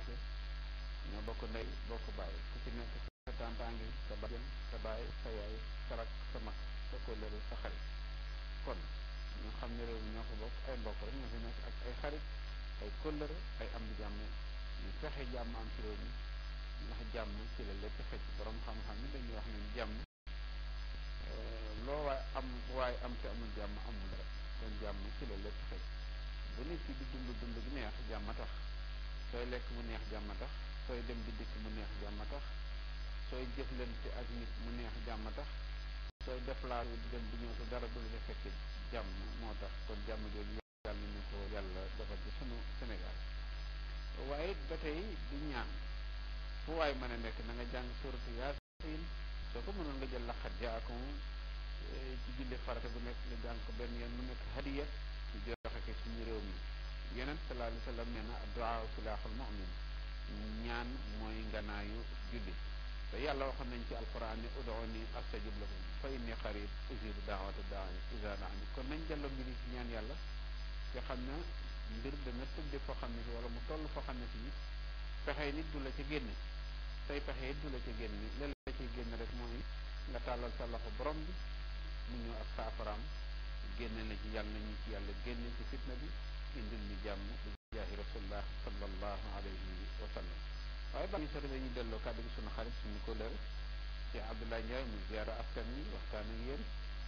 commencé ñoo bokk ndey bokk bàyyi ku ci nekk sa tàmpaangi sa bàjjen sa bàyyi sa yaay sa rak sa mag sa kóllëre sa xarit kon ñu xam ne réew mi ñoo ko bokk ay mbokk rek ñoo fi nekk ak ay xarit ay kóllëre ay am di jàmm fexe jàmm am ci réew mi ndax jàmm ci la lépp xëcc borom xam-xam ni dañuy wax ne jàmm euh, loo waaye am waaye am te amul jàmm amul rek kon jàmm ci la xëcc bu nit ki di dund dund gi neex jàmm a sooy lekk mu neex jàmm tax sooy dem di dikk mu neex jàmm tax sooy jëflante ak nit mu neex jàmm tax sooy déplacé di dem di ñëw te dara du la fekk jàmm moo tax kon jàmm jooju yàlla ñu ko yàlla defal ci sunu Sénégal waaye ba tey di ñaan foo waay mën a nekk na nga jàng suratu yaasin soo ko mënoon nga jël la xajjaakum eh, ci julli farata bu nekk nga jàng ko benn yoon mu nekk hadiya ñu joxe ko suñu réew mi yonent sallallahu selam wa sallam nee na addu'a silaaxul mu'min ñaan mooy nganaayu jullit te yàlla waxoon nañ ci alquran ne ud'uuni astajib lakum fa inni qarib ujibu da'wata da'i iza da'ani kon nañ delloo mbir ci ñaan yàlla te xam na mbir dana tëdde foo xam ne si wala mu toll foo xam ne si pexe nit du la ca génn say pexe it du la ca génn léeg la cay génn rek mooy nga tàllal sa loxo borom bi mu ñëw ak saafaraam génne la ci yàlla ñu ci yàlla génn ci fitna bi indil ñu jàmm bi jaahi rasulullah sallallahu alayhi wa sallam waaye ba ñu sori dañuy delloo kàddu gi suñu xarit suñu ko leer ci Abdoulaye mu ziara askan wi waxtaan ak yéen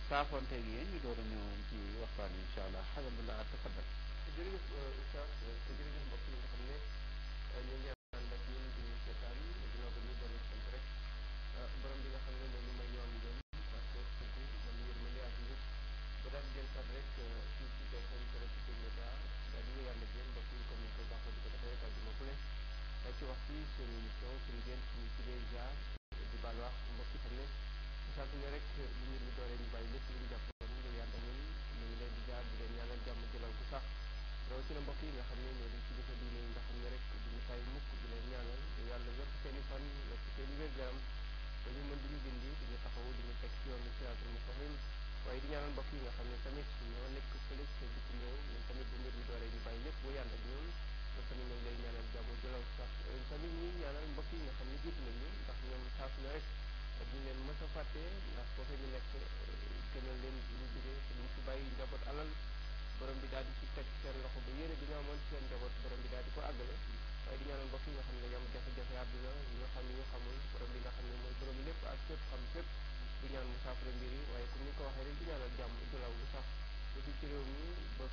saafonte ak yéen ñu door a ñëw ci waxtaan incha allah alhamdulilah tafadal jërëjëf euh, Oustaz euh, jërëjëf mbokk yi nga xam euh, leen mës a fàtte ndax foofu eh, ñu nekk gënal leen ñu jógee te ñu fi bàyyi alal borom bi daal di ci teg seen loxo ba yéene bi amoon seen njaboot borom bi daal di ko àggale waaye di ñaanal mbokk yi nga xam ne ñoom jafe-jafe àdduna ñi xam ne ñu xamul nga xam ne mooy borom lépp ak fépp xam fépp di ñaan mu yi waaye comme ko waxee di ñaanal jàmm bu sax aussi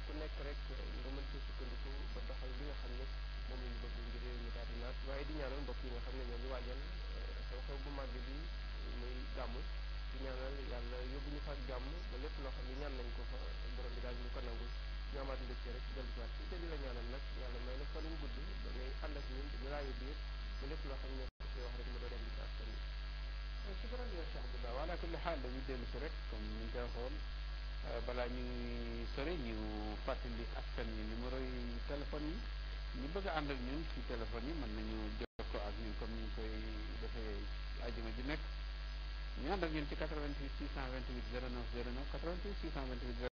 ku nekk rek eh, nga mën cee sukkandiku ba doxal li nga xam ne moom la ñu bëgg ngir réew mi waaye di ñaanal mbokk yi nga xam ne ñoo ngi waajal eh, xew bu màgg bi muy gàmm di ñaanal yàlla yóbbu ñu fa ak jàmm ba lépp loxo xam ne nañ ko fa borom bi daal ñu ko nangul ñu amaat mbégte rek dellusiwaat ci te di la ñaanal nag yàlla may la fan yu gudd ba ngay ànd ñu laayu loo xam ne ci wax rek mu doon indi wa ala kulli xaal dañu dellu si rek ñu koy waxoon euh, balaa ñuy sore ñu fàttali askan wi numéro yi téléphone yi ñu bëgg a ànd ak ñun ci téléphone yi mën nañu jokkoo ak ñun comme ni ñu koy defee ajuma ji nekk ñu ànd ak ñun ci 88 628 09 09 88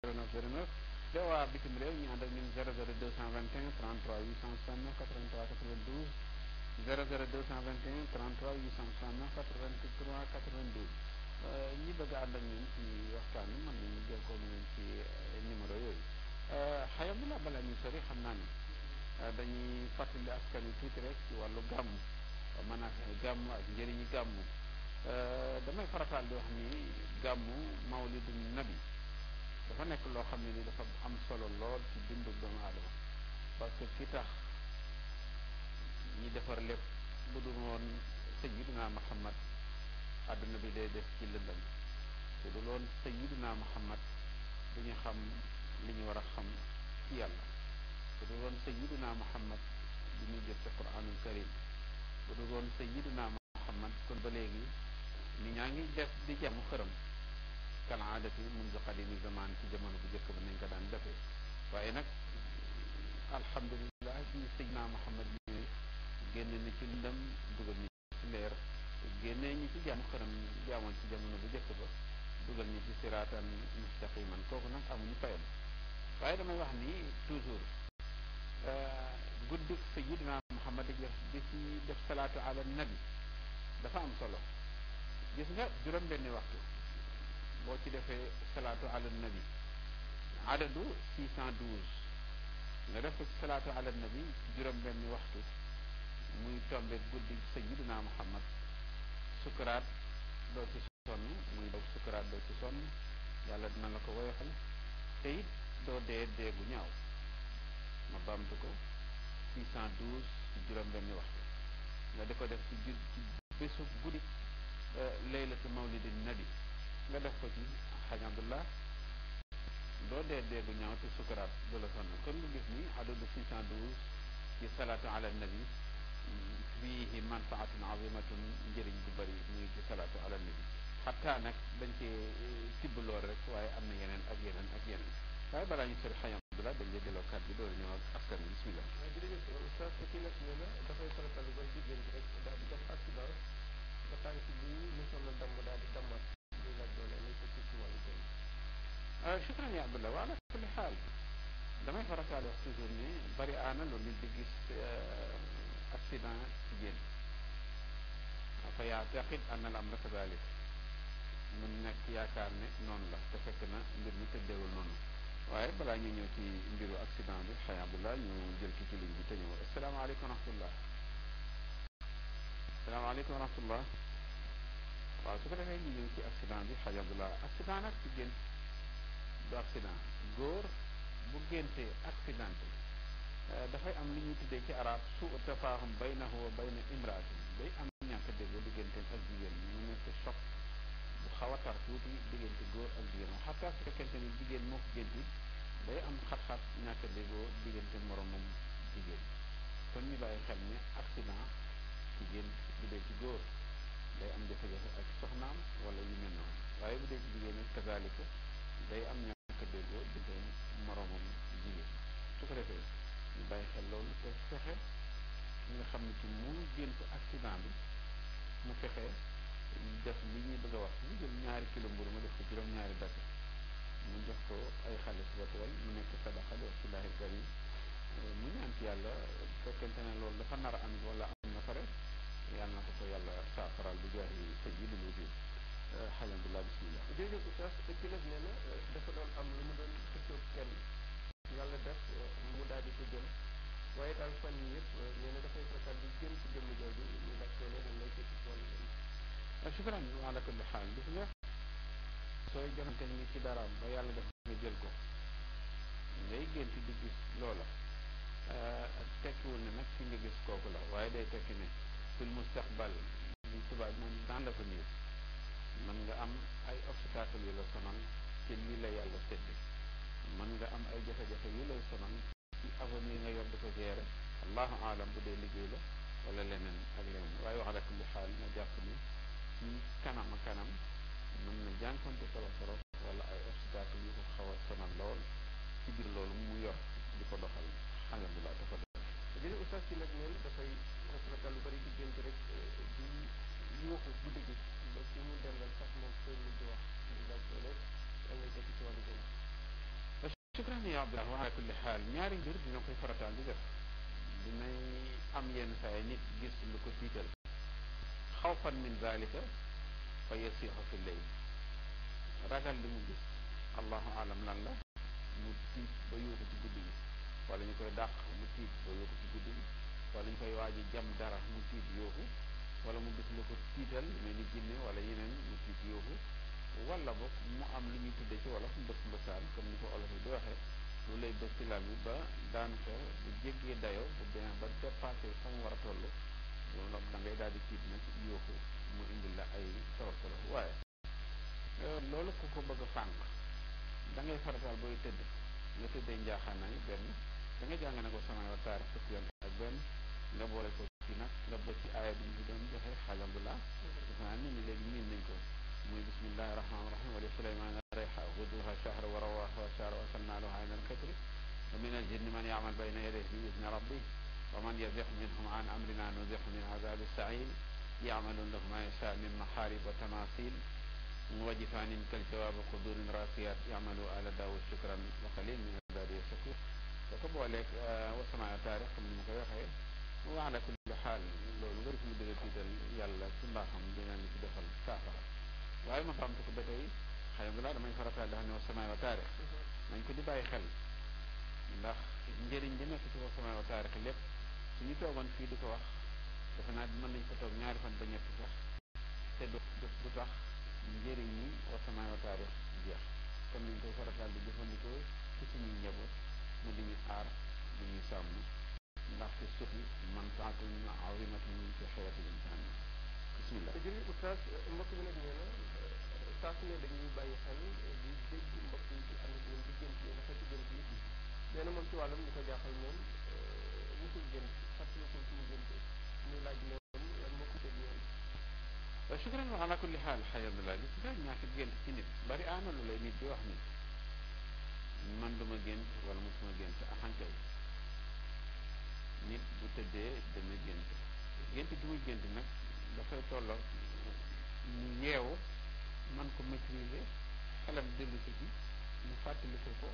628 09 09 dawaa bitim réew ñu ànd ak ñun 00 221 33 869 83 92 00 221 33 869 83 92 ñi bëgg a ànd ak ñun ci waxtaan bi mën nañu jël ko ñun ci euh, numéro yooyu euh, xëy na balaa ñuy sori xam naa ni euh, dañuy fàttali askan wi tuuti rek ci wàllu gàmm maanaam gàmm ak njëriñu gàmm. Euh, damay farataal di wax ni gàmmu mawlidu nabi dafa nekk loo xam ne ni dafa am solo lool ci dundu doomu aadama parce que ki tax ñi defar lépp bu dul woon sayyiduna Muhammad àdduna bi day def ci lëndam te du loon sayyiduna Muhammad du ñu xam li ñu war a xam ci yàlla te du loon sayyiduna Muhammad du ñu jël ci Qur'anul Karim bu dul woon sayyiduna Muhammad kon ba léegi nit ñaa ngi def di jaamu xërëm kal aadati mundu qadimi zaman ci jamono bu njëkk ba nañ ko daan defee waaye nag alhamdulilah suñu Seydina Muhammad ñëwee génne na ci ndëm dugal ñu ci leer génnee ñi ci jaamu xërëm jaamoon ci jamono bu njëkk ba dugal ñu ci siraataan mustaqiman kooku nag amuñu payam waaye damay wax ni toujours euh, guddik Seydina Muhammad def di ci def salaatu ala nabi dafa am solo gis nga juróom-benni waxtu boo ci defee salaatu ala nabi adadu 612 nga def ko salaatu ala nabi ci juróom-benni waxtu muy tombe guddi sayyidina Muhammad sukuraat doo ci sonn muy daw sukuraat doo ci sonn yàlla dina la ko woyofal te it doo dee dee bu ñaaw ma bamtu ko 612 ci juróom-benni waxtu nga di ko def ci ci bésu guddi. Euh, laylatu mawlidin nabi nga def ko ci xaj abdullah doo dee dee bu ñaaw te sukuraat du la sonn kon lu gis ni adadu 612 ci salaatu ala nabi fiihi manfaatun azimatun njëriñ bu bëri muy ci salaatu ala nabi xataa nag dañ cee eh, tibb lool rek waaye am na yeneen ak yeneen ak yeneen waaye balaa ñu sori xayam abdullah dañ lay delloo kàddu bi door a ñëw ak askan wi bismillah. jërëjëf Oustaz kii nag nee na dafay faral di ba jigéen bi rek daal di jox ak xibaar ba tànk bii mosoon na damm daal di dammat lii la doole nañ ko tuuti wàllu seen shukran ya abdullah wa ala kulli xaal damay farataal wax toujours ni bari aana loolu nit di gis euh, accident ci génn fa yaataqid anna al amra kadalik mu nekk yaakaar ne noonu la te fekk na mbir mi tëddeewul noonu waaye balaa ñu ñëw ci mbiru accident bi xëy abdullah ñu jël ki ci ligne bi te ñëw asalaamaaleykum wa rahmatullah asalaamaaleykum wa rahmatullah waaw su ko defee ñu ñëw ci accident bi xaj Abdoulaye accident nag ci gént du accident góor bu géntee accidenté euh, dafay am li ñuy tuddee ci arab su tafaahum baynahu wa bayna imraatin day am ñàkk déggoo digganteem ak jigéen mu nekk choc bu xaw a tar tuuti diggante góor ak jigéen moom xataa su fekkente ni jigéen moo ko gént day am xat-xat ñàkk déggoo diggante moromam jigéen kon ñu bàyyi xel ne accident ci gént bu dee ci góor day am jafe-jafe ak soxnaam wala yu mel noonu waaye bu dee jigéen nag kazaalika day am ñàkk déggo déggoo diggante moromam jigéen su ko defee ñu bàyyi xel loolu te fexe nga xam ne ci mu gént accident bi mu fexe def li ñuy bëgg a wax mu jël ñaari kilo mburu ma def ko juróom-ñaari dakk mu jox ko ay xale suba teel mu nekk sadaqa lillaahil kariim mu ñaan yàlla bu fekkente ne loolu dafa nar a am wala am na yal na ko ko yàlla saafaral bi jaahi sayyidil wujuud eh, alhamdulilah bisimilah. jërëjëf oustaz Kilab nee na eh, dafa doon am lu mu doon xëccoo kenn yàlla def eh, mu daal di ko jël waaye daal fan yii dafay fekkaat di ci jëmm jooju ñu leneen lay fekk ci wàllu jëmm. shukran ala kulli xaal gis nga ni ci daraam ba yàlla def nga jël ko ngay gént di gis loola tekkiwul ne nag fi nga kooku la waaye day tekki ne. fil mustaqbal li tubaab moom dans l'avenir man nga am ay obstacle yu la sonal ci lii la yàlla man mën nga am ay jafe-jafe yu lay sonal ci avenir nga yor di ko gérer allahu alam bu dee liggéey la wala leneen ak leneen waaye wax rek lu xaal na jàpp ni ci kanam a kanam mën na jànkonte solo solo wala ay obstacle yu ko xaw a sonal lool ci biir loolu mu yor bu laa dafa def te dina ustaas ci léeg rafetal lu bëri diggante rek euh, di di waxu bu dëgg ba ci mu dendal sax moom koy mujj wax di laaj loolu da ngay def ci wàllu boobu. shukran ya Abdoulaye wa ala kulli xaal ñaari mbir dina koy farataal di def dinañ am yenn saa yi nit gis lu ko tiital xawfan min dalika fa yasiixu fi leyl ragal li mu gis allahu alam lan la mu tiit ba yóotu ci guddi gi wala ñu koy dàq mu tiit ba yóotu ci guddi gi wala ñu koy waaj jam dara mu tiit yooxu wala mu gis lu ko tiital mel ni jinne wala yeneen mu tiit yooxu wala boog mu am lu ñuy tudde ci wala mbës mbësaan comme ni ko olof yi di waxee lu lay bës ci lal ba daanaka bu jéggee dayoo bu demee ba dépassé fa mu war a toll loolu nag na ngay daal di tiit nag yooxu mu indil la ay torof torof waaye euh, loolu ku ko bëgg a fànq da ngay farataal booy tëdd nga tëddee njaaxaanaay benn da nga jàng ne ko sama wa taarix fukki ak benn nga boole ko ci nag nga bët ci aaya bi ñu doon joxe alhamdulilah defe naa nit ñi léegi miin nañ ko muy bismillahi rahmaani rahim wali suleymaan reyha guduha shahra wa rawaha wa shahra wa salnaaluha min alxitri wa min aljinni man yaamal bayna yadayhi bi idni rabbi wa man yazix minhum an amrina nuzix min azabi sain yaamaluun lahu ma yasha min maxaarib wa tamasil wa jifaanin kal jawaab qudurin rasiyat yaamalu ala daawud shukran wa qalil min ibaadi yashakur da ko booleeg uh, wasamaya taarix comme ni ma ko waxee waa ala kulli xaal loolu nga def mu dëgg tiital yàlla ci mbaaxam dina ñu ci defal saafara waaye ma faamtu ko ba tey xëy na laa damay farataal dafa ne wa samaay wa taarix nañ ko di bàyyi xel ndax njëriñ li nekk ci wa samaay wa taarix lépp suñu toogoon fii di ko wax defe naa mën nañ ko toog ñaari fan ba ñetti sax te du du tax njëriñ ñi wa samaay wa taarix jeex comme niñ koy farataal di jëfandikoo ci suñuy njaboot mu di ñu aar di ñuy sàmm bidatun azimatun fi xayaati l-insaan bismillah. jërëjëf oustaz mbokk bi nag nee na saa su ne dañuy bàyyi xel di dégg mbokk yi di ànd ak ñoom di gént yi dafa ci gént yi. nee na moom ci wàllam li ko jaaxal moom wutul gént fàttalikul suñu gént muy laaj moom yan mbokk yi ñoom. shukran wa ala kulli xaal xëy na li ci daal ñaata gént ci nit bari aana lu lay nit di wax nit man du ma gént wala mosuma gént axankay nit bu tëddee dana gént gént gi muy gént nag dafay tolloo mu yeewu man ko maîtriser xelam dellu si ci mu fàttaliku ko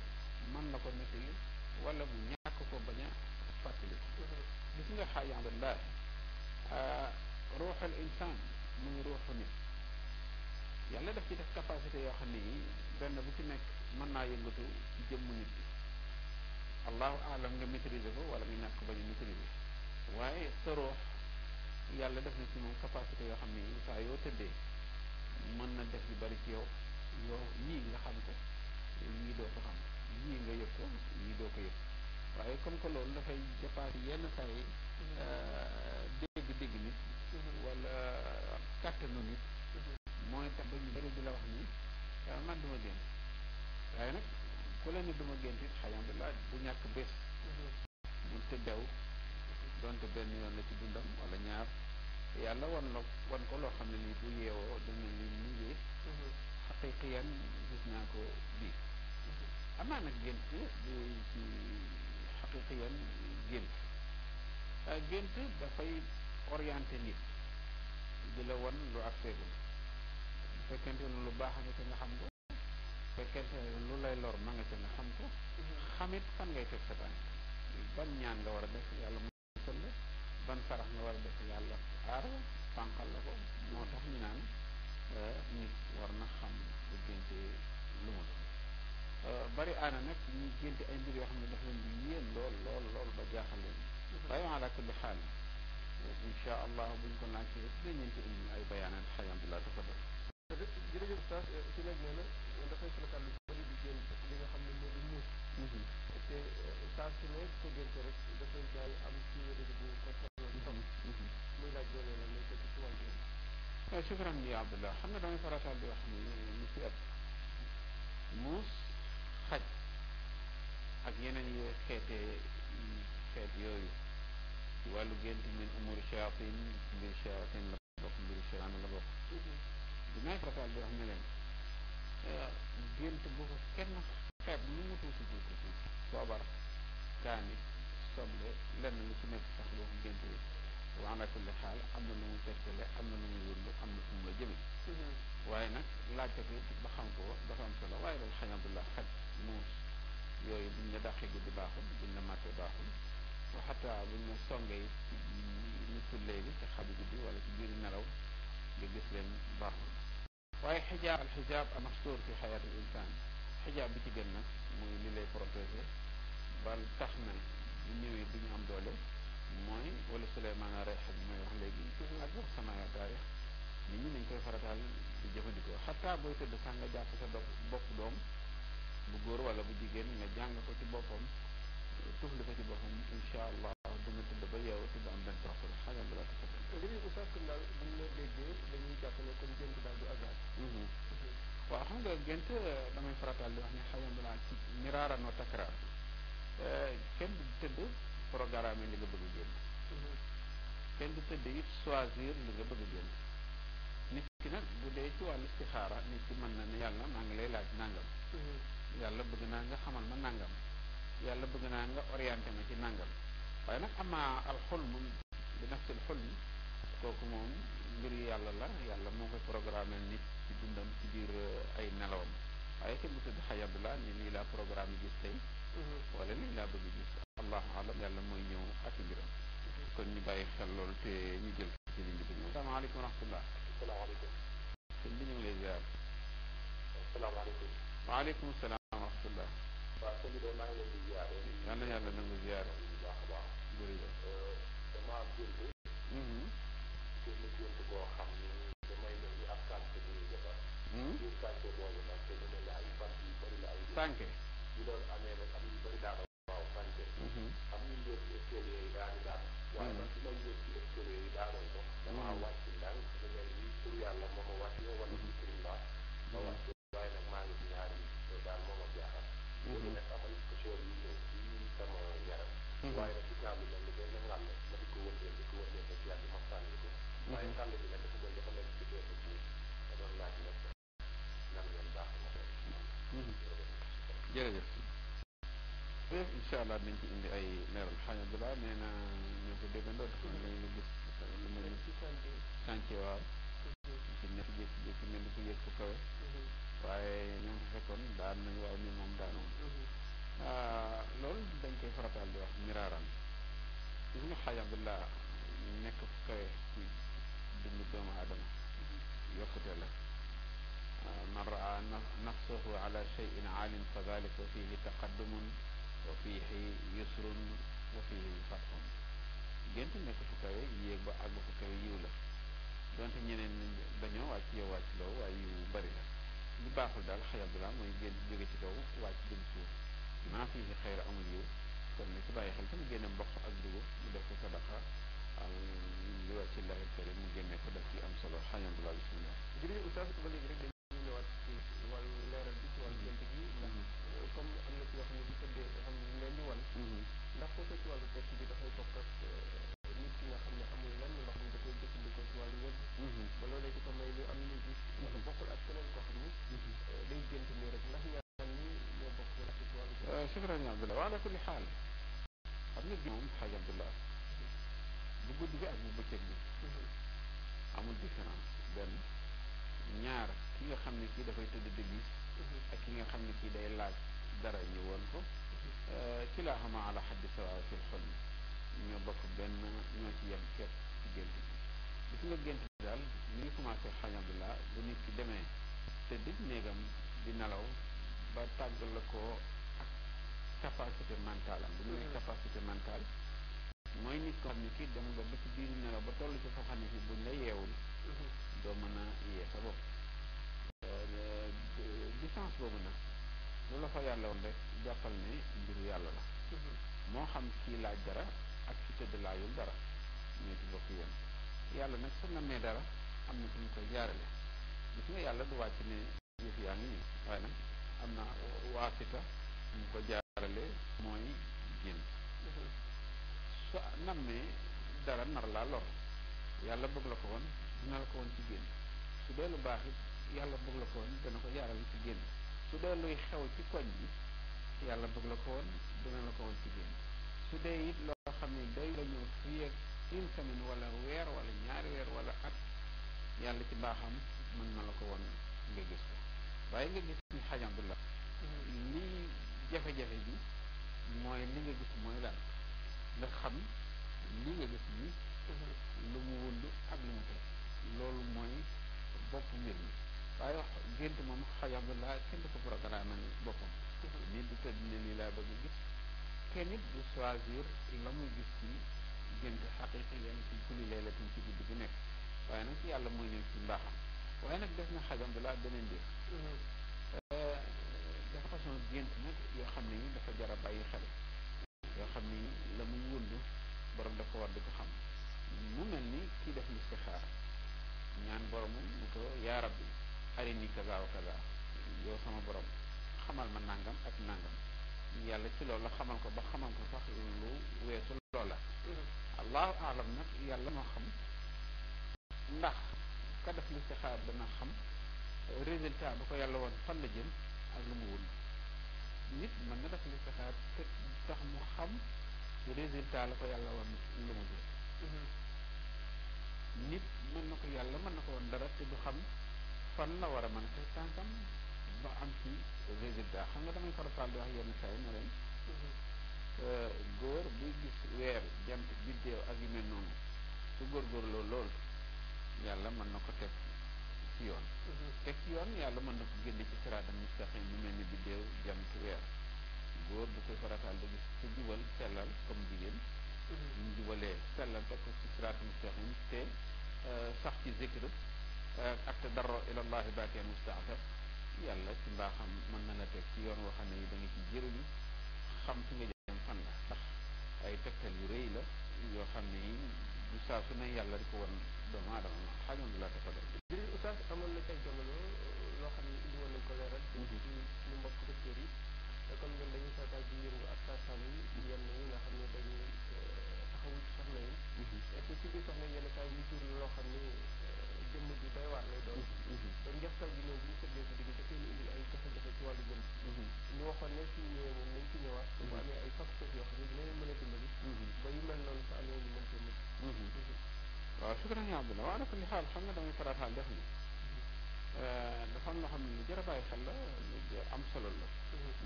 man na ko nettali wala mu ñàkk ko bañ a fàttaliku gis nga xaayaan ba ndaar ruuxal insaan muy ruuxu nit yàlla daf ci def capacité yoo xam ne yi benn bu ci nekk mën naa yëngatu ci jëmmu nit bi allahu alam nga maîtriser ko wala nga ñàkk bañ a maîtriser waaye sa ruux yàlla def na ci moom capacité yoo xam ne saa yoo tëddee mën na def yu bari ci yow yoo yii nga xam ko yii doo ko xam yii nga yëg ko yii doo ko yëg waaye comme que loolu dafay dépassé yenn saa yi euh, dégg-dégg nit wala kàttanu nit mm-hmm. mooy tax ba ñu bari di la wax ni man duma génn waaye nag ku leen ne du ma gént it alhamdulilah bu ñàkk bés mm-hmm. mun te dew donte benn yoon la ci dundam wala ñaar yàlla wan la wan ko loo xam ne lii bu yeewoo dana li liggéey mm-hmm. xaqiqiyan gis naa ko bii mm-hmm. amaa nag gént du ci xaqiqiyan gént ah, gént dafay orienté nit di la wan lu ak seegul fekkente ne lu baax nga te nga xam ko fekkente lu lay lor ma nga ca nga xam ko mm-hmm. xamit fan ngay teg sa tànk ban ñaan nga war a def yàlla mu sëlla ban sarax nga war a def yàlla aar fànqal la ko moo tax ñu naan euh, nit war na xam bu génte lu mu euh, bari aana nag ñu génte ay mbir yoo xam ne daf leen di yéen lool lool lool ba jaaxal leen mm-hmm. waaye ala kulli xaal incha allah buñ ko laajtee dinañ leen ci indil ay bayaanaat alhamdulilah dafa def jërëjëf Oustaz ci nag nee na dafay faral lu bëri di génn li nga xam ne moo di muus. Mhm. te euh, saa su ne ko génte rek dafay jaay am ci wér bu ko topp. Mhm. Mhm. muy laaj loolu la lay fekk ci wàllu yëpp. waaw shukran ya Abdullah xam nga damay farataal di wax ni ñu ci ëpp muus xaj ak yeneen yoo xeete xeet yooyu ci wàllu gént min umur shayatin mbir shayatin la bokk mbir shayatin la bokk. dinaa faral di wax ne leen euh, gént bu soobar kaani soble lenn lu ci nekk sax boo na kulli am na lu mu tegtale am na lu am na fu mu la mm-hmm. waaye nag laajte ko ba xam ko dafa am solo waaye la xañ abdullah xaj muus yooyu buñ la dàqee guddi baaxul buñ la màttee baaxul waxata buñ la songee ci nit ku ci xabu guddi wala ci biir nelaw nga gis leen baaxul waaye xijaab al xijaab al mastur fi xayaat al insaan xijaab bi ci gën nag mooy li lay protéger ba tax na bu ñëwee du ñu am doole mooy wala Souleymane Rex bi mooy wax léegi gis nga ak sama taarix nit ñi nañ koy farataal di jëfandikoo xataa booy tëdd sax nga jàpp sa do bopp doom bu góor wala bu jigéen nga jàng ko ci boppam tufli ko ci boppam incha allah du nga tëdd ba yeewu te du am benn toxu xajal la ko léegi oustaz kon daal bu déggee dañuy jàpp ne kon gént daal du hasard. waaw xam nga gént damay farataal di wax ne xaw ma ci miraaran eh, wa li nga bëgg a gént. kenn du tëdd it choisir li nga bëgg a nit ki nag bu dee ci wàllu istixaara nit ki mën na ni yàlla maa ngi lay laaj nangam. yàlla bëgg naa nga xamal ma nangam. yàlla bëgg naa nga orienté ma ci nangam. waaye nag amaa alxulm bi nafsi alxulm kooku moom mbiru yàlla la yàlla moo koy programme nit ci dundam biir eh, ay nelawam waaye kenn du tëdd xay abdullah ni lii laa programme gis tey mm-hmm. wala lii laa bëgg gis allahu alam yàlla mooy ñëw ak mbiram mm-hmm. kon ñu bàyyi xel loolu te ñu jël ci ligne bi asalaamaaleykum wa rahmatullah asalaamaaleykum sëñ bi ñu ngi lay ziar asalaamaaleykum waaleykum salaam wa rahmatullah waaw sëñ bi de maa ngi leen di ziar yàlla yàlla nangu ziar bu baax a baax sànke bu loolu amee nag am mm-hmm. ñu bëri daana waaw sànke am mm-hmm. ñu yóbbu ci escalier yi daanu daanu waaye man su ma yóbbu ci escalier yi daanoon ko damaa wàcc ndànk lu mel ni pour yàlla moo ma wàcc yoo wala ci kirilla ma wàcc waaye nag maa ngi ci ñaar yi loolu daal moo ma jaaxal loolu nag amal cheur yu ñëw ci sama yaram waaye nag ci gàllu mel ni benn ngàll ma di ko wëndeel di ko wëndeel ba ci yàgg ma sànni ko waaye ngàll bi nag dafa doon dafa nekk ci benn ci da doon laaj nag nan ngeen baax ma ko jërëjëf jërëjëf incha allah nañ ci indi ay leeral xana bi laa nee na ñoo ko déggandoo dafa mel ni gis lu mel ni chantier waaw ci nekk jékki-jékki mel ni ku yëg fu kawe waaye ñoom fa fekkoon daan nañu waaw ni ah, loolu dañ koy farataal di wax miraaran gis nga xaaj abdullah nekk fu kawe ci dund doomu aadama yokkute la man raa nafsahu ala cheyin alim fa dalik wa fihi taqaddumun wa fihi yusrun wa fihi fathun gént nekk fu kawe yéeg ba àgg fu kawe yiw la donte ñeneen dañoo wàcc yow wàcc loo waaye yu bari la lu baaxul daal xëy abdullah mooy génn jóge ci kaw wàcc jëm suuf maa fi ci xëyra amul yiw kon ni ci bàyyi xel tam génne mboq ak dugub mu def ko sadaqa li wàcc laxet kari mu génne ko def ci am solo xëy abdullah bismillah jërëjëf oustaz ba léegi rek shukran ya Abdullah wa ala kulli xaal xam nga moom xaaj Abdullah bu guddi bi ak bu bëccëg bi amul différence benn ñaar ki nga xam ne kii dafay tëdd dëgg ak ki nga xam ne kii day laaj dara ñu woon ko ci laa xama ala xaddi sawa fil xol ñoo bokk benn ñoo ci yem kepp ci gént bi gis nga gént bi daal ñu ngi commencé xaaj Abdullah bu nit ki demee tëdd néegam di nelaw ba tàgg la ko capacité mentale am bu ñu nee capacité mentale mooy nit ko xam ne kii dem ba ba ci biir nelaw ba toll ci foo xam ne fii buñ la yeewul mm-hmm. doo mën a yee sa bopp euh, euh, distance boobu nag lu la fa yàlla woon rek jàppal ne mbiru yàlla la mm-hmm. moo xam kii laaj dara ak ci tëdd laajul dara ñoo ci bokk yem yàlla nag su namee dara am na fu ñu koy jaarale gis nga yàlla du wàcc ne yëf yaa nii waaye nag am na waasita ñu ko jaar warale mooy génn su nammee dara nar laa lor yàlla bëgg la ko woon dina la ko woon ci génn su dee baax yàlla bëgg la ko woon dana ko jaarale ci génn su dee luy xew ci koñ bi yàlla bëgg la ko woon dina la ko woon ci génn su dee it loo xam ne day la ñëw fii ak une wala weer wala ñaari weer wala at yàlla ci baaxam mën na la ko woon nga gis waaye nga gis ni xajam la jafe-jafe bi mooy li nga gis mooy laa nga xam li nga gis ni lu mu wund ak lu mu teg loolu mooy bopp mbir mi waaye wax gént moom xaj abdullah kenn du ko programme ni boppam nit du tëdd laa bëgg gis kenn it du choisir la muy gis ci gént xaqiqi leen ci julli leelatin ci guddi bu nekk waaye nag yàlla mooy ñëw ci mbaaxam waaye nag def na xaj abdullah beneen mbir mm-hmm. euh, ndax façon gént nag yoo xam ne yi dafa jar a bàyyi xel yoo xam ni la muy wund borom dafa war di ko xam mu mel ni kii def listixaar ñaan boromum ni ko yaa rabbi arini kaza wa kaza yow sama borom xamal ma nangam ak nangam yàlla ci loolu la xamal ko ba xamal ko sax lu weesu loola allahu alam nag yàlla ma xam ndax ka def listixaar dana xam résultat ba ko yàlla woon fan la jëm ak lu mu wul nit mën na def listixaar te tax mu xam résultat la ko yàlla woon lu mu jël mhm. nit mën na ko yàlla mën na ko woon dara te du xam fan la war a mën a teg tànkam ba am ci résultat xam nga damay faral di wax yenn saa yi ne leen mhm. euh, góor buy gis weer jant biddéew ak yu mel noonu su góorgóorloo lool yàlla mën na ko teg ci yoon mm-hmm. teg ci yoon yàlla mën na ko génne ci siraatam mustaqim mu mel ni biddéew jëm ci weer góor bu koy farataal da gis te sellal comme jigéen ñu mm-hmm. jubalee sellal teg ko ci siraatam mustaqim te euh, sax ci zikr euh, ak te darro ilallahi baakeen mustaafir yàlla ci mbaaxam mën na la teg ci yoon woo xam ne da nga ci jëriñu xam fi nga jëm fan la ndax ay tegtal yu rëy la xam ne du saa su ne yàlla di ko doomu aadama ma xañoon la dafa def jërëjëf oustaz amoon na tey jamono eh, loo xam ne indi woon nañ ko leeral ci suñu mhm. mbokk docteur yi comme eh, ñun dañuy faral di yëngu ak sage-femme yi yenn yi xam ne dañuy eh, taxawu ci soxna yi te si biir soxna yi yenn saa yi jur loo xam ne jëmm bi doy waar lay doon kon njaftal bi noonu bu ñu tëddee si digg dafay indil ay jafe-jafe ci wàllu jëm mhm. ñu ne suñu ñëwee moom nañ ci ñëwaat bu mhm. amee ay facteurs yoo xam ne dinañ a dimbali sukran yaa Abdoulaye waaw ala kulli xaal xam nga damay farataal def ni dafa am loo xam ne lu jar a bàyyi la am solo la.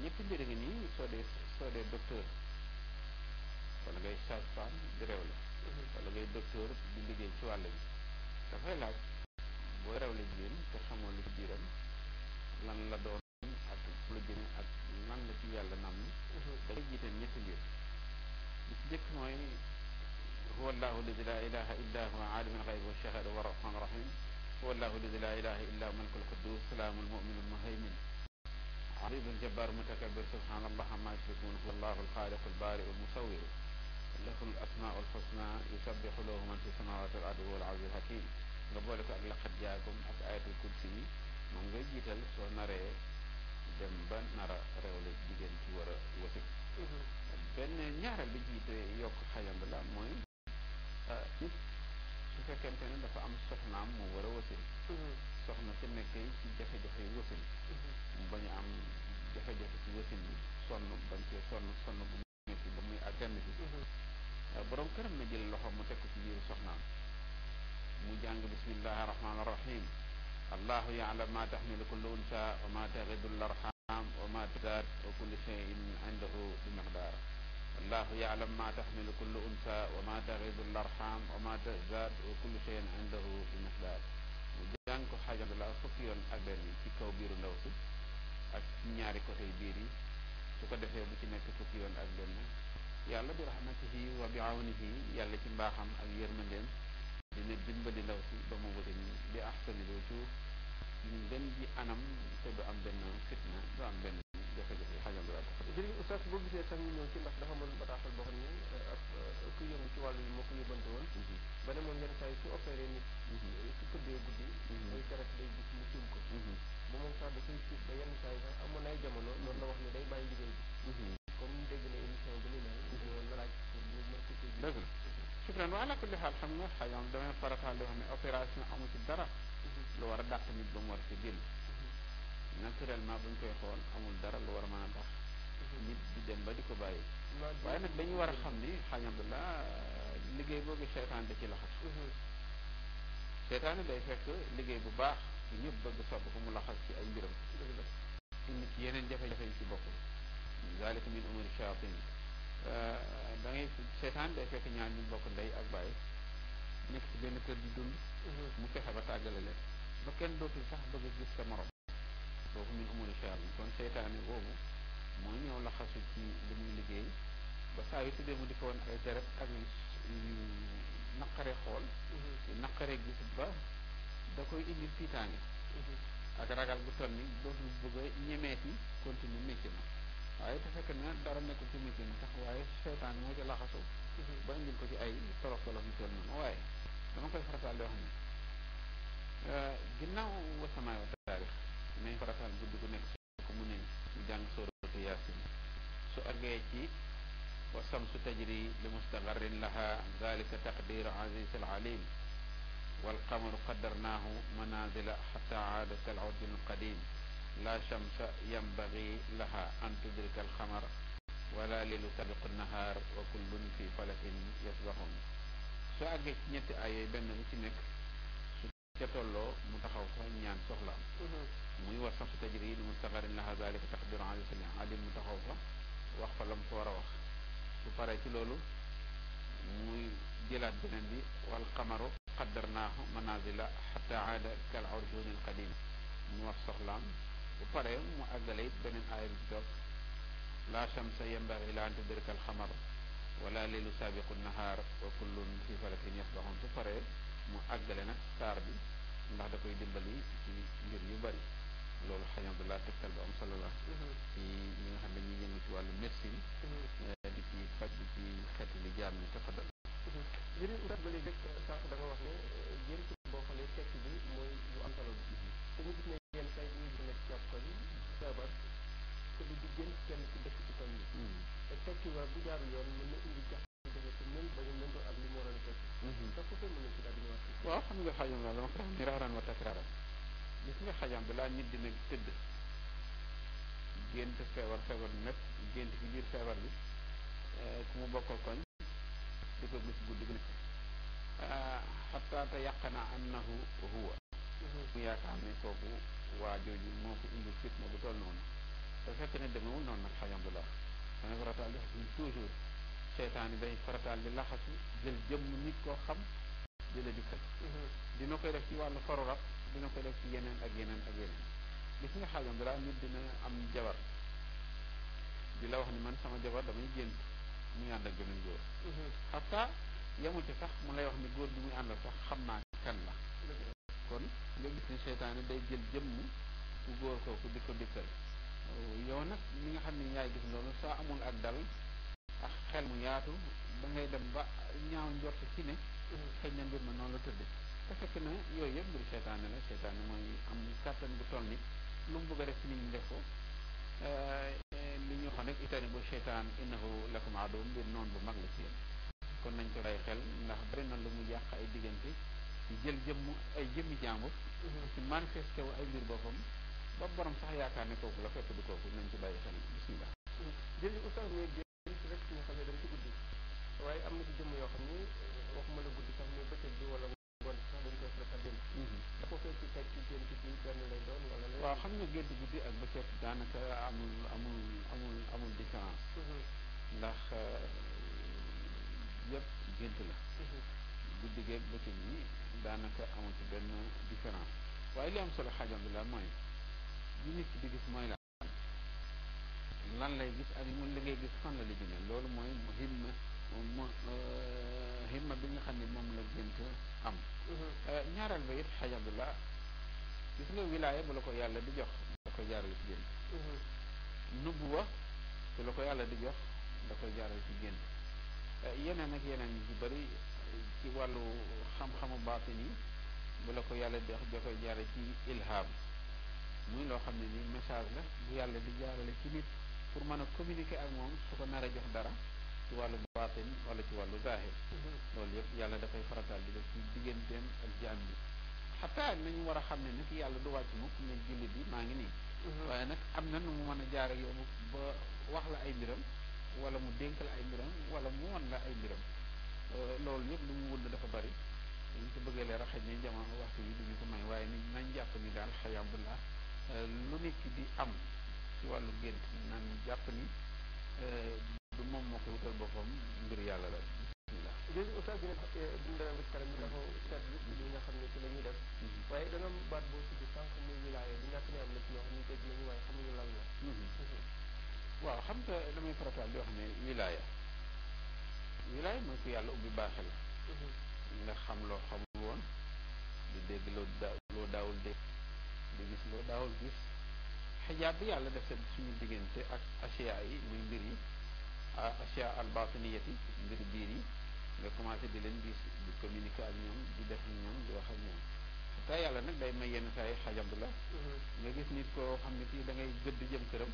ñetti mbir ngi soo dee soo dee docteur wala ngay sage-femme di réewle. wala ngay docteur di liggéey ci wàll bi dafay laaj boo réewle jigéen te xamoo lu ci biiram lan la doon ak lu jëm ak nan la ci yàlla nam. dafay jiite ñetti mbir li ci njëkk هو الله الذي لا إله إلا هو عالم الغيب والشهادة والرحمن الرحيم هو الله الذي لا إله إلا هو الملك القدوس سلام المؤمن المهيمن عظيم الجبار المتكبر سبحان الله عما يشركون هو الله الخالق البارئ المصور له الأسماء الحسنى يسبح له من في السماوات والأرض هو العزيز الحكيم nga boole ko ak laqad jaakum ak ayatul kursi yi moom nga jiital soo naree dem ba nara réewle jigéen ci war a wasik benn ñaareel bi jiite yokk xayam la mooy nit su fekkente ne dafa am soxnaam mu war a wasin soxna si nekkee ci jafe-jafe yi wasin mu bañ a am jafe-jafe ci wasin bi sonn bañ cee sonn sonn bu métti ba muy àggann bi mhm. borom këram na jël loxo mu teg ko ci biir soxnaam mu jàng bismillahi rahmaani rahim allahu yaalam ma taxmilu kullu unsa wa ma taxidu l arham wa ma tazaad wa kullu cheyin indahu bi miqdaar allahu yaalam ma taxmilu kullu unsa wa ma taxidu larxam wa ma tazdaad wa kullu cheyin indahu bi miqdaar mu jàng ko xaajante la fukki yoon ak benn ci kaw biiru ndaw si ak ñaari côté biir yi su ko defee bu ci nekk fukki yoon ak benn yàlla bi rahmatihi wa bi awnihi yàlla ci mbaaxam ak yërmandeem dina dimbali ndaw si ba mu wute ni bi ahsani lu ñu benn ji anam te du am benn fitna du am benn jafe-jafe xajandoo ko. jërëjëf oustaz boo gisee sax ñu ñëw ci ndax dafa mën bataaxal boo xam ni ak euh, ku yëngu ci wàllu yi moo ko yóbbante woon. Mhm. ba ne moom yenn saa yi su opéré nit. Mhm. Euh, su tëddee guddi. Mhm. ay keroog day gis mu tiim ko. bu moom sax dafay tiit ba yenn saa yi sax amoon ay jamono loolu la wax ni day bàyyi liggéey bi. comme ñu dégg na émission bi ñu ne. loolu la laaj ñu mën ko dégg. dëgg la su fekkee waa la ko joxee alhamdulilah xayma damay farataal yoo xam ne opération amu ci dara. lu war a dàq nit ba mu war ci génn naturellement buñ koy xool amul dara lu war a mën a tax nit di dem ba di ko bàyyi waaye nag dañu war a xam ni xañ Abdullah liggéey boobu seytaan ci laxas seytaane day fekk liggéey bu baax ci ñëpp bëgg sopp ko mu laxas ci ay mbiram indi ci yeneen jafe-jafe yi ci bokk zalika min umuri shayatin euh, da ngay seytaan day fekk ñaar ñu bokk ndey ak bàyyi nekk ci benn kër di dund mu fexe ba tàggale leen ba kenn dootul sax bëgg gis sa morom kooku min umuri xeer bi kon seytaan boobu mooy ñëw la xasu ci li muy liggéey ba saa yu tuddee mu di ko woon ay deret ak naqare xool mhm. naqare gis ba da koy indil tiitaange mhm. ak ragal bu toll ni dootul bëgg a yi continue métier ma waaye bu fekk na dara nekkul ci métier ma tax waaye seytaan moo ci laxasu mhm. ba indil ko ci ay torof torof yu toll noonu waaye dama koy farataal di wax ne Euh, ginnaaw wasamaa wa taarix nañ ko rafetal guddi gu nekk su ko mu ne ñu jàng sóoratu yaasin su àggee ci wasamsu tajri li mustaqarrin laha zalika taqdir aziz al alim wal qamaru qaddarnaahu manazila xata aada kal urdin al qadim la shamsa yambagi laha an tudrika al xamar wala lilu sabiqu nahaar wa kullun fi falakin yasbaxun su àggee ci ñetti ay yooyu benn bu ci nekk ca tolloo mu taxaw fa ñaan soxlaam mm-hmm. muy war sax su tajri yi li mustaqarin laha zalika taqdir alim mu taxaw fa wax fa lam fa war a wax su ci loolu muy jëlaat beneen bi wal qamaru qaddarnaahu manazila xata aada kal urjun al qadim mu wax soxlaam mu àggale it beneen aaya bi ci toog la shamsa yanbaghi la an tudrika al qamar wala leylu sabiqu nahar wa kullun fi falakin mu àggale nag taar bi ndax da koy dimbali ci mbir yu bari loolu xëy na laa tegtal bu am solo la mm-hmm. ci ñu nga xam ne ñuy yëngu ci wàllu médecine mm-hmm. eh, di ci bi ci xeetu li jaam ñi tafadal jërëjëf Oustaz ba léegi rek sànq da nga wax ne jëm eh, ci boo xoolee tekki bi mooy lu am solo bi mm-hmm. te ñu gis ne yenn saa yi ñu nekk ci ab koñ feebar te du di gën kenn ci dëkk ci koñ yi te tekki waa bu jaarul yoon mën na indi jax-jafe ci ñun ba ñu mëndoo ak li mu waroon a tekki waaw xam nga xajam la dama wa takraaran gis nga xajam balaa nit dina tëdd gént feebar feebar bi métt gént ci biir feebar bi eh, ku mu bokkal koñ di ko gis guddi gi xataa ah, te yaqana annahu huwa mhm. mu yaakaar ne kooku waa jooju moo ko fitna bu toll noonu te fekk ne demewul noonu nag xajam bu laax dana farataal di xas toujours seytaan yi day farataal di laxasu jël jëmm nit koo xam di mhm. dina koy def ci wàllu faru dina ko def ci yeneen ak yeneen ak yeneen gis nga xaajam dara nit dina am jabar di la wax ni man sama jabar damay gént muy ànd ak beneen góor xataa mhm. yemu ci sax mu lay wax ni góor bi muy àndal sax xam naa kan la kon nga gis ni seytaane day jël jëmm ku góor kooku di ko dikkal yow nag mi nga xam ne yaay gis loolu soo amul ak dal ak xel mu yaatu da ngay dem ba ñaaw njort ci ne xëy na mbir ma noonu la tëdd te fekk na yooyu yëpp mbiru seytaane la seytaane mooy am kàttan bu toll ni lu mu bëgg a def ci nit ñi def ko euh, li ñu waxoon rek itani bu seytaan innahu lakum adu mbir noonu bu mag la ci yéen kon nañ ko bàyyi xel ndax bari na lu mu yàq ay diggante ci jël jëmm ay jëmmi jàmbur ci mm-hmm. manifesté wu ay mbir boppam ba borom sax yaakaar ne kooku la fekk du kooku nañ ci bàyyi xel bismillah mm-hmm. jërëjëf oustaz ñu génn ci rek ci nga xam ne dañ ci guddi waxuma la guddi sax mais bëccëg sax dañ da ko fekk teg ci gént bi benn lay doon wala. waaw xam nga gént guddi ak bëccëg daanaka amul amul amul amul différence. Mm-hmm. ndax euh, yëpp gént la. Mm-hmm. guddi geeg bëccëg yi daanaka amul ci benn différence waaye li am solo xaajal bi la mooy li ki di gis mooy la lan lay gis ak mun li ngay gis fan la li jógee loolu mooy muhim mu euh, himma bi nga xam ni moom la gént am mm-hmm. euh, ñaareel ba it xaj abdullah gis nga wilaaya bu la ko yàlla di jox da koy jaaral ci gént mm-hmm. nubuwa bu ko yàlla di jox da koy jaaral ci gént euh, yeneen ak yeneen yu bari ci wàllu xam-xamu baatin yi bu la ko yàlla di jox da koy jaare ci ilham muy loo xam ne ni message la bu yàlla di jaarale ci nit pour mën a communiqué ak moom su ko nar jox dara ci wàllu baatin wala ci wàllu zaahir mm-hmm. loolu yëpp yàlla dafay farataal di def ci digganteem ak jaam bi xataa nañu war a xam ne nag yàlla du wàcc mukk ne julli bi maa ngi nii mm-hmm. waaye nag am na nu mu mën a jaar ak ba wax la ay mbiram wala mu dénk ay mbiram wala mu won la ay mbiram euh, loolu lu mu wund dafa bari ñu ko bëggee leer a xëy na jamono waxtu yi duñu waaye ni nañ jàpp ni daal xayambulaa euh, lu nekk di am ci wàllu gént nañ jàpp ni euh, du moom moo ko wutal boppam mbir yàlla la bismillah léegi oustaz dina dundalal seet li nga xam ne ci la ñuy def mhm. waaye dana baat boo tudd sànq muy wilaaya du ñàkk am na ci ñoo xam ne dégg nañu waaye mhm. Mhm. waaw xam nga damay farataal di wax ne wilaaya wilaaya mooy ku yàlla ubbi baaxe la xam loo xamul woon dégg loo daa loo daawul dégg gis loo daawul gis xijaab bi yàlla def suñu diggante ak asiya yi muy mbir yi asia albatiniyati mbir biir yi nga commencé di leen gis di communiquer ak ñoom di def ak ñoom di wax ak ñoom te yàlla nag day may yenn saa yi xajab la mm-hmm. nga gis nit koo xam ne kii da ngay gëdd jëm këram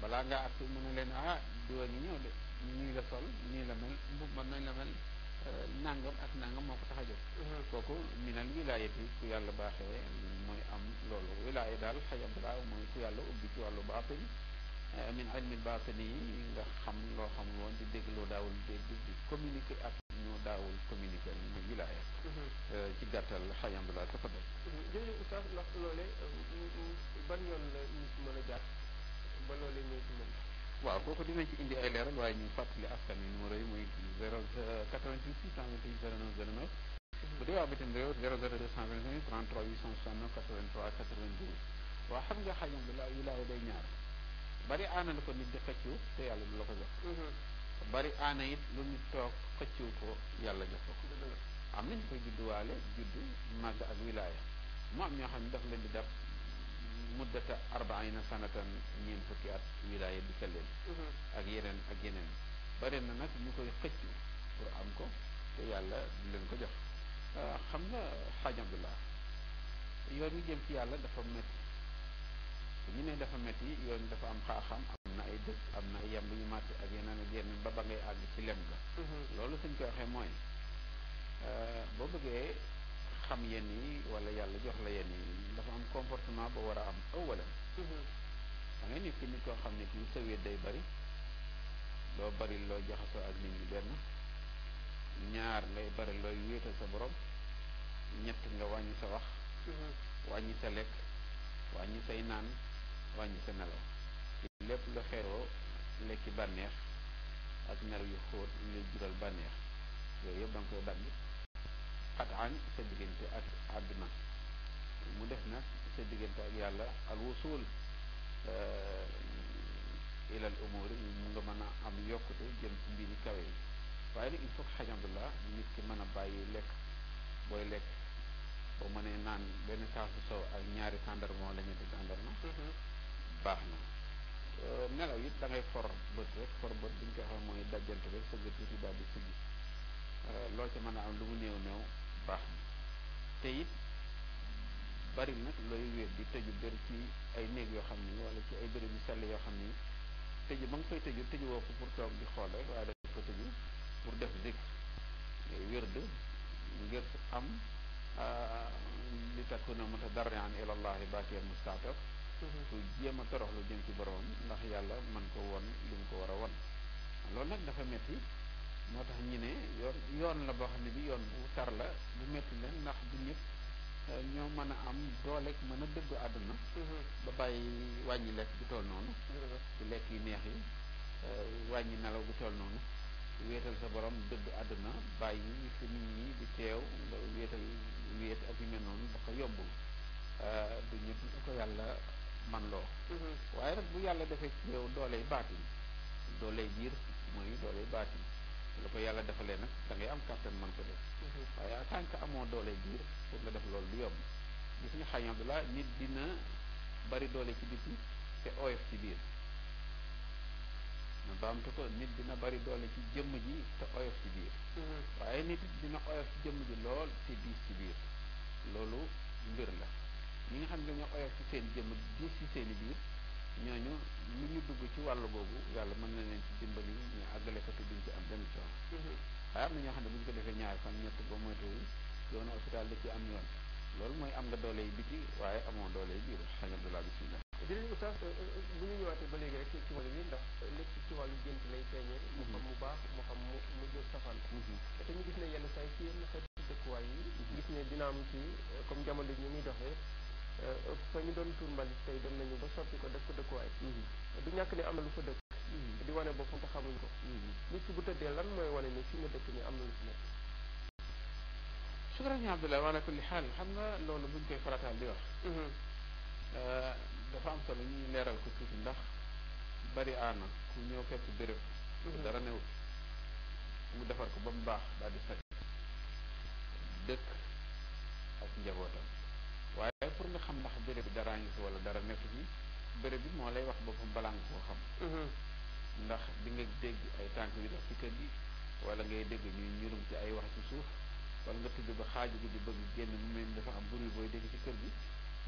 balaa ngaa àtt mu ne leen ah diwa ngi ñëw de nii la sol nii la mel mbub ma nañ la mel eh, nangam ak nangam moo ko tax a jóg mm-hmm. kooku minal wilaayat yi ku yàlla baaxee mooy am loolu wilaaya daal xajab la mooy ku yàlla ubbi ci wàllu baatin Euh, min ilmil baatini yi nga xam loo xam woon di dégg loo daawul dégg di communiquer ak ñu daawul communiquer muy wilaaya mm-hmm. euh, ci gàttal xayam bi laa tafadal mm-hmm. jërëjëf oustaz ndax loolee euh, ban yoon la nit mën a jaar ba loolee ñëw ci moom waaw kooku dinañ ci indi ay leeral waaye ñu fàttali askan wi numéro yi muy zéro quatre-vingt-huit six cent vingt-huit zéro neuf zéro neuf mm-hmm. bu dee waa bitim réew zéro zéro deux cent vingt-cinq trente-trois huit cent soixante-neuf quatre-vingt-trois quatre-vingt-douze waaw xam nga xayam bi laa wilaaya day ñaar bari aana la ko nit di xëccu te yàlla du la ko jox mm-hmm. bari aana it lu nit toog xëccu ko yàlla jox ko am nañ ko judduwaale juddu màgg ak wilaaya mu am ñoo xam ne daf leen di def muddata arbaina sanatan ñeent fukki at wilaaya di ka leen mm-hmm. ak yeneen ak yeneen bari na nag ñu koy xëccu pour am ko te yàlla leen ko jox euh, xam nga xaaj Abdullah yoon wi jëm ci yàlla dafa métti ñu ne dafa métti yoon dafa am xaaxam am na ay dëkk am na ay yamb yu màtt ak yeneen ak yeneen ba ba ngay àgg ci lem ga mm-hmm. loolu suñ koy waxee mooy euh, boo bëggee xam yenn yi wala yàlla jox la yenn yi dafa am comportement ba war a am ëwalam mm-hmm. da ngay nit ki nit koo xam ne kii sa wéet day bari loo bari loo jaxasoo ak nit ñi benn ñaar ngay bari looy wéetal sa borom ñett nga wàññi sa wax mm-hmm. wàññi sa lekk wàññi say naan wàññi sa nelaw lépp nga xeeroo lekki bànneex ak nelaw yu xóot ñu lay jural bànneex yooyu yëpp da koy dagg xataan sa diggante ak àdduna mu def nag sa diggante ak yàlla al wusul euh, ilal umuri mu nga mën a am yokkute jëm ci mbiri kawe yi waaye nag il faut que xajamdullah nit ki mën a bàyyi lekk booy lekk boo mën mënee naan benn kaasu soow ak ñaari tàndarma wala ñetti tàndarma mm-hmm. baax na euh, nelaw it da ngay for bët rek for bët bi ko koy xam mooy dajjante rek sa gët yi daal di sëgg euh, loo ci mën a am lu mu néew néew baax na te it bari nag looy wér di tëju bëri ci ay néeg yoo xam ni wala ci ay béréb yu sell yoo xam ni tëju ba nga koy tëju tëju woo ko pour toog di xool rek waaye daf ko tëju pour def zik wérd ngir am euh, li takuna mutadarrian ilallahi baaqiyal mustaataf su mhm. jéem a toroxlu jëm ci boromam ndax yàlla man ko woon li mu ko war a won loolu nag dafa metti moo tax ñu ne yoon yoon la boo xam ne bi yoon bu tar la bu metti la ndax du ñëpp euh, ñoo mën a am dooleeg mën a dëgg àdduna mhm. ba bàyyi wàññi lekk bu toll noonu mhm. ci lekk yu neex yi euh, wàññi nelaw bu toll noonu wéetal sa borom dëgg àdduna bàyyi fi di teew nga wéetal wéet ak euh, du ko yàlla man loo mm-hmm. waaye nag bu yàlla defee ci yow dooley baatin dooley biir mooy dooley baatin la ko yàlla defalee nag da ngay am kàttan mën ko def mm-hmm. waaye en tant que amoo dooley biir pour nga def loolu du yomb gis nga xañ Abdullah nit dina bari doole ci biti te ci biir na baamtu ko nit dina bari doole ci jëmm ji te oyof mm-hmm. waaye nit dina jëmm ji lool te ci biir loolu mbir la ñi nga xam ne dañoo oyof ci seen jëmm diis ci seen i biir ñooñu lu ñu dugg ci wàll boobu yàlla mën na neen ci dimbali ñu àggale ko te duñ ci am benn coono. waaye mm-hmm. am na ñoo xam ne bu ñu ko defee ñaari fan ñett ba moytuwul yoonu hôpital da ci am yoon loolu mooy am nga doole yi biti waaye amoo doole yi biir sëñ Abdoulaye bisimilah. jërëjëf oustaz euh, euh, bu ñu ñëwaatee ba léegi rek ci wàllu bi ndax lépp ci wàllu gént lay feeñee. Mm-hmm. mu xam mu baax mu xam mu mu jël safaan. Mm-hmm. te ñu gis ne yenn saa yi ci yenn xeetu dëkkuwaay yi. gis ne dina am ci comme jamono ji muy doxee. Euh, fa ñu doon tuur mbalit dem nañu ba soppi ko def ko dëkkuwaay mhm. du ñàkk ne am na lu fa dëkk mhm. di wane boppam te xamuñ ko mhm. nit ki bu tëddee lan mooy wane ni fi mu dëkk ni am na lu fi nekk shukran wa ala kulli xaal xam nga loolu buñ koy farataal di euh, am solo ñuy leeral ndax bari aana ku ñëw fekk béréb dara newut mu defar ko ba mu baax daal di fekk dëkk ak njabootam pour nga xam ndax bëre bi dara ngi si wala dara nekku ci bërëb bi moo lay wax boppam balaa nga koo xam mm-hmm. ndax di nga dégg ay tànk yu dox ci kër gi wala ngay dégg ñuy ñurum ci ay wax ci suuf wala nga tëdd ba xaaj bi di bëgg génn mu mel dafa am bruit booy dégg ci kër gi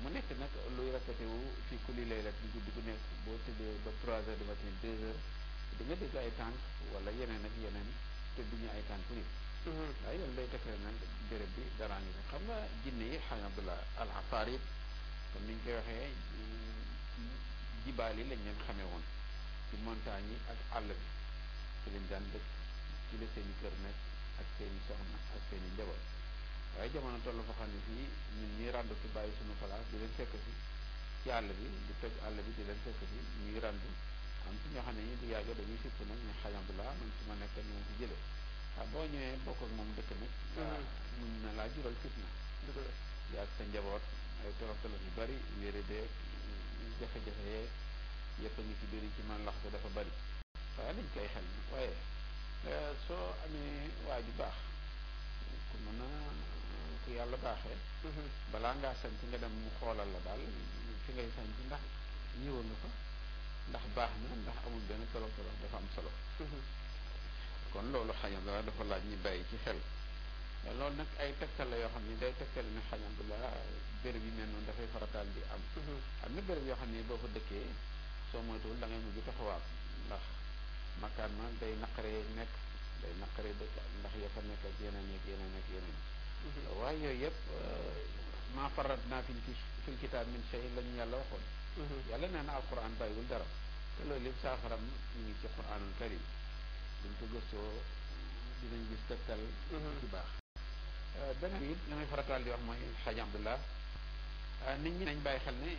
mu nekk nag luy répété wu ci kuli lay di guddi gu nekk boo tëddee ba trois heures du matin deux heures di nga dégg ay tànk wala yeneen ak yeneen te du ñu ay tànk nit waaye yéen day defaree nag béréb bi daraa ngi xam nga jinne yi xëy na Abdullah al-Afaar yi comme ni ñu koy waxee jibaal yi lañ leen xamee woon ci montagne yi ak àll bi ci lañ daan dëkk ci la seen i kër nekk ak seen i soxna ak seen i njaboot waaye jamono toll foo xam ne fii ñun ñuy ràndu ci bàyyi suñu place di leen fekk si ci àll bi di toj àll bi di leen fekk si ñuy ràndu am ci ñoo xam ne ñi di yàgg dañuy sipp nag ñu xëy na Abdullah man su ma nekk moom fi jëlee waa boo ñëwee bokk moom dëkk nag. Mm-hmm. Ah, mun na laa jural fitna. dëgg la yaa sa njaboot ay toroxtalo yu bari wéere beeg jafe-jafe yeeg yëpp a ngi ci biir ci man lax ko dafa bari. waaye dañ koy xel waaye eh, soo amee waa ju baax ku mën na ku yàlla baaxee. Mm-hmm. balaa ngaa sant nga dem mu xoolal la daal fi ngay sant ndax ñëwoon nga ko ndax baax na ndax amul benn torox torox dafa am solo. Mm-hmm. kon loolu xañabulaa dafa laaj ñu bàyyi ci xel loolu nag ay tegtal la yoo xam ne day tegtal ne xañabulaa béréb yi mel noonu dafay farataal di am mhm. am na béréb yoo xam ne boo fa dëkkee soo moytuwul da ngay mujj taxawaat ndax makkaan ma day naqaree nekk day naqaree dëkk ndax ya fa nekk ak yeneen ak yeneen ak yeneen mhm. waaye yooyu yëpp euh, maa farat naa fi ci fil kitaab min shay la ñu yàlla waxoon mhm. yàlla nee na alquran bàyyiwul dara te loolu yëpp saafaram ñu ngi ci quranul karim duñ ko gëstoo dinañ gis tegtal ci mhm. baax euh, benn bi it li may farataal di wax mooy xaj abdullah euh, nit ñi nañ bàyyi xel ne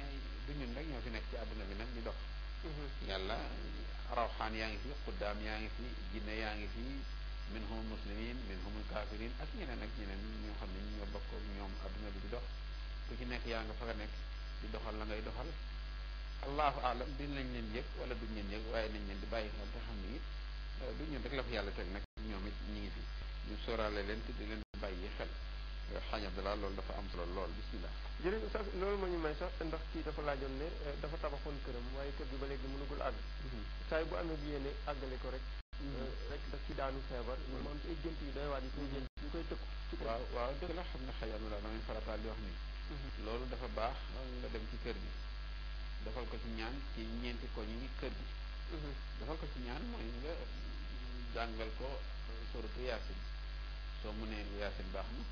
du ñun rek ñoo fi nekk ci àdduna bi nag ñu dox mhm. yàlla rawxaan yaa ngi fi xuddaam yaa ngi fi jinne yaa ngi fi minhum muslimin minhum kafirin ak ñeneen ak ñeneen ñoo xam ne ñoo bokk ñoom àdduna bi di dox ku ci nekk yaa nga fa nekk di doxal la ngay doxal allahu alam dinañ leen yëg wala duñ leen yëg waaye nañ leen di bàyyi xel te xam ne it Euh, du ñun rek la fi yàlla teg nag ñoom it ñu ngi fi ñu sóoraale leen te di leen bàyyi xel euh, xañ Abdallah loolu dafa am solo lool bisimilah. jërëjëf sax loolu moo ñu may sax ndax kii dafa laajoon ne euh, dafa tabaxoon këram waaye kër gi ba léegi mënugul àgg. Mhm. saa bu amee bi yéene àggale ko rek. Mhm. rek daf ci daanu feebar. mu am ci ay gént yu doy waar yi koy jël yu koy tëkku. waaw waaw dëgg la xam ne xëy na daal damay di wax nii. Mhm. loolu dafa baax nga dem ci kër gi. defal ko ci ñaan ci ñeenti ko ñi ngi kër gi. defal ko ci ñaan mooy nga. jàngal ko suratu yaasin soo mu nee yaasin baax na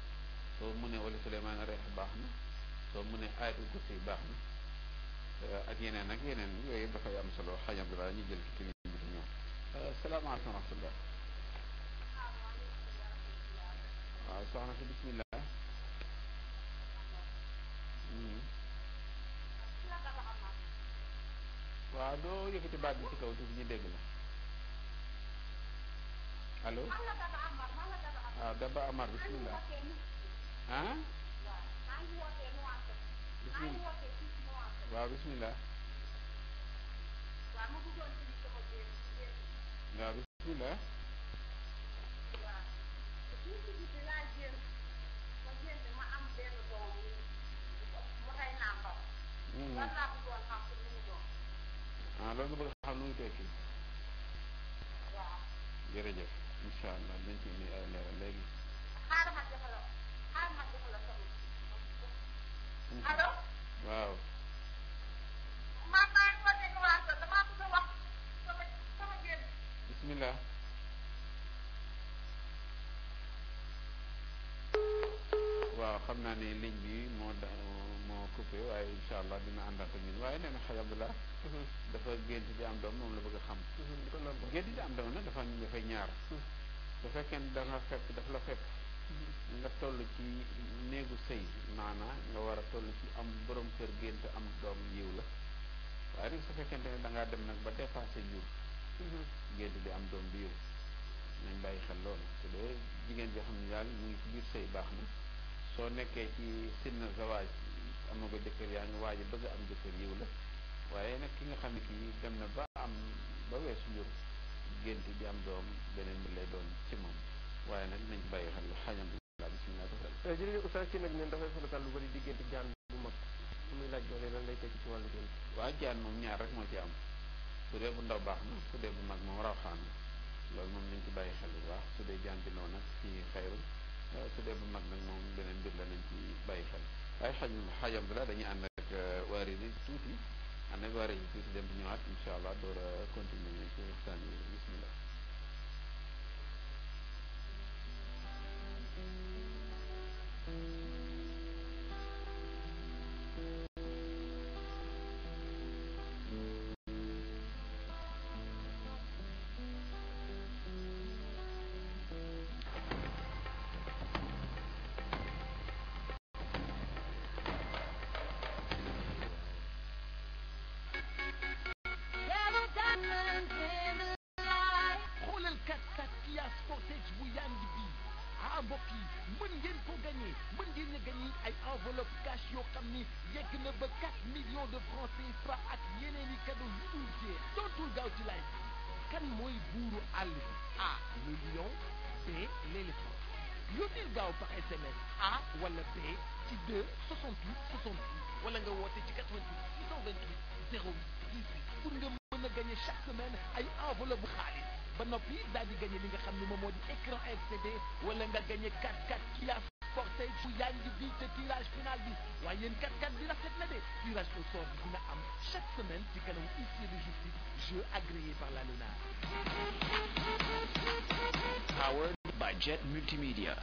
soo mu nee wala suleymaan reex baax na soo mu nee ayatul baax na eh, ak yeneen ak yeneen yooyu dafay am solo xaj abdullah ñu jël ci kii bi ñëw eh, salaamaaleykum wa hmm. doo yëkkati baat ci kaw tuuti ñu dégg la allo waaw ah, Daba Amar bisimilah ah bisimilah waaw bisimilah waaw bisimilah. Hmm. ah loolu nga bëgg xam nu mu tekki jërëjëf. incha allah dañ ci indi ay leeral la xaaral ma la soxna. allo. waaw. man maa ngi wootee Nuwaasa damaa bëgg a xam naa ne ligne bi moo da moo coupé waaye incha allah dina àndaat ak ñun waaye nee na xëy Abdullah mhm. dafa gént di am doom moom la bëgg a xam. Mhm, gént di am doom nag dafa dafay ñaar. Mhm. su fekkee ne da fekk daf la fekk mm-hmm. nga toll ci néegu sëy maanaa nga war a toll ci am boroom kër gént am doom yiw la waaye nag su fekkente ne da dem nag ba dépassé jur mm-hmm. génn bi am doom bi yiw nañ bàyyi xel loolu su dee jigéen joo xam ne daal mu ngi ci biir sëy baax na soo nekkee ci sinna zawaaj am na ko jëkkër yaa ngi waaj a bëgg am jëkkër yiw la waaye nag ki nga xam ne kii dem na ba am ba weesu jur gént di am doom beneen bi lay doon ci moom waaye nag nañ bàyyi xel xajam bisimilah eh, jërëjëf oustaz ci nag ñun dafay faral lu bëri di gént jaan bu mag muy laaj doole lan lay teg ci wàllu gént moom ñaar rek moo ci am su bu ndaw baax na su dee bu mag moom raw xaan loolu moom nañ ci bàyyi xel bu baax su dee jaan bi noonu nag ci xayru eh, su bu mag nag moom beneen mbir la nañ ci bàyyi xel waaye xajam xajam bi la dañuy ànd ak eh, waari ni tuuti xibaar yi tuuti dem di allah door a continuer ci bismillah wala nga woote ci 88 828 08 18 pour nga mën a gagné chaque semaine ay enveloppe xaalis ba noppi daal di gagné li nga xam ne moom moo di écran LCD wala nga gagné 4x4 Kia Forte bu yaa ngi bi te tirage final bi waaye yéen 4 na de tirage au sort bi chaque semaine ci kanamu huissier de justice jeu agréé par la LONASE. Powered by Multimedia.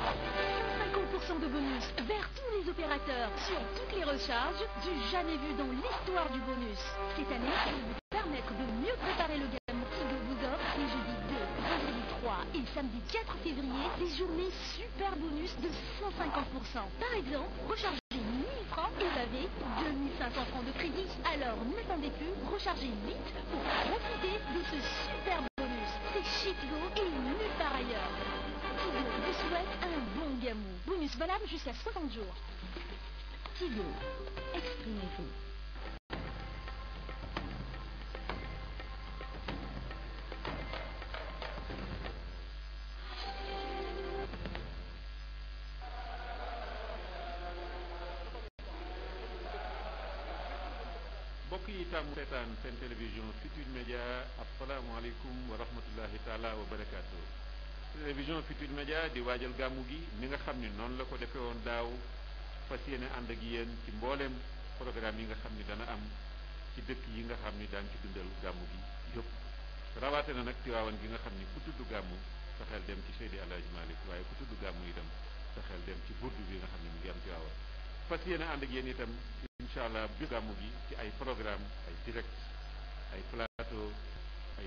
50% de bonus vers tous les opérateurs sur toutes les recharges du jamais vu dans l'histoire du bonus. Cette année, ça vous permettre de mieux préparer le gamme Tigo vous offre les jeudi 2, vendredi et samedi 4 février des journées super bonus de Par exemple, recharger 1000 francs et laver 2500 francs de crédit. Alors n'attendez plus, rechargez vite pour profiter de ce super bonus. C'est chez Tigo et nulle part ailleurs. Tigo vous souhaite un bon gamou. Bonus valable jusqu'à 50 jours. Tigo, exprimez-vous. mbokk yi taamu seetaan seen télévision Futurs Médias asalaamaaleykum wa rahmatullahi taala wa barakaatu. télévision Futurs Médias di waajal gàmmu gi ni nga xam ni noonu la ko defee woon daaw fas yéene ànd ak yéen ci mbooleem programme yi nga xam ni dana am ci dëkk yi nga xam ni daan ci dundal gàmmu gi yëpp rawaate na nag Tiwaawan gi nga xam ni ku tudd gàmmu sa xel dem ci Seydi El Hadji Malick waaye ku tudd gàmmu itam sa xel dem ci burdu bi nga xam ne mu ngi am Tiwaawan fas yéene ànd ak yéen itam incha allah bi gàmmu gi ci ay programme ay direct ay plateau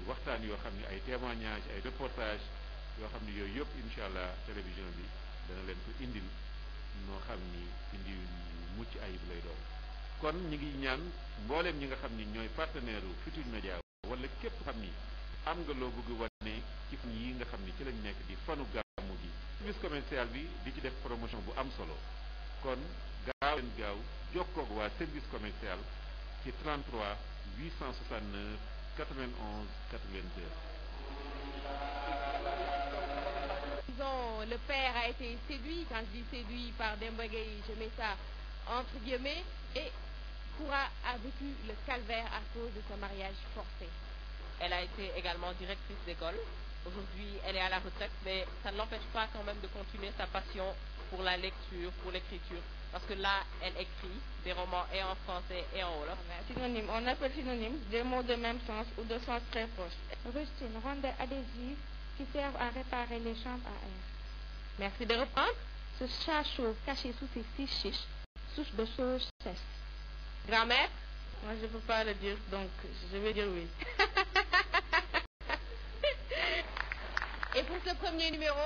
waxtaan yoo xam ne ay témoignage ay reportage yoo xam ne yooyu yëpp incha allah télévision bi dana leen ko indil noo xam ni indi mucc ayib lay doon kon ñi ngi ñaan mbooleem ñi nga xam ni ñooy partenaire u Futurs Médias wala képp xam ni am nga loo bëgg wane ci fan yi nga xam ni ci lañ nekk di fanu gàmmu ji service commercial bi di ci def promotion bu am solo kon gaaw leen gaaw jokkoog waa service commercial ci 33 869 91 82 disons, le père a été séduit, quand je dis je mets entre guillemets, et Koura a vécu le calvaire à cause de son mariage forcé. Elle a été également directrice d'école. Aujourd'hui, elle est à la retraite, mais ça ne pas quand même de continuer sa passion pour la lecture, pour l'écriture. Parce que là, elle écrit des romans et en français et en wolof. Synonyme, on appelle synonyme des mots de même sens ou de sens très proche. Rustine rendait adhésive qui servent à réparer les chambres Merci de reprendre. Ce chat chauve caché sous ses six chiches, souche de choses sèches. Moi, je peux pas le dire, donc je vais dire oui. Et pour ce premier numéro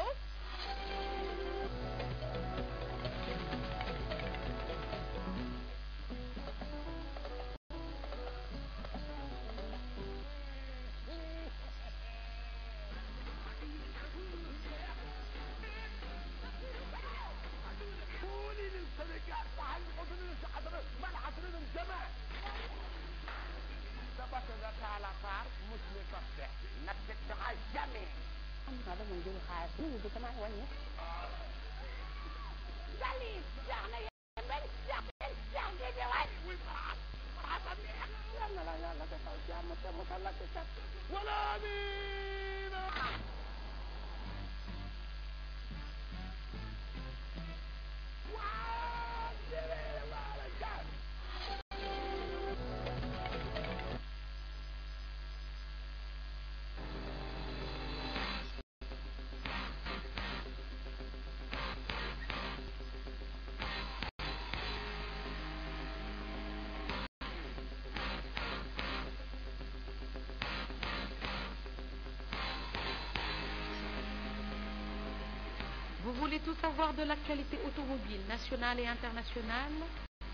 voulez tout savoir de l'actualité automobile nationale et internationale?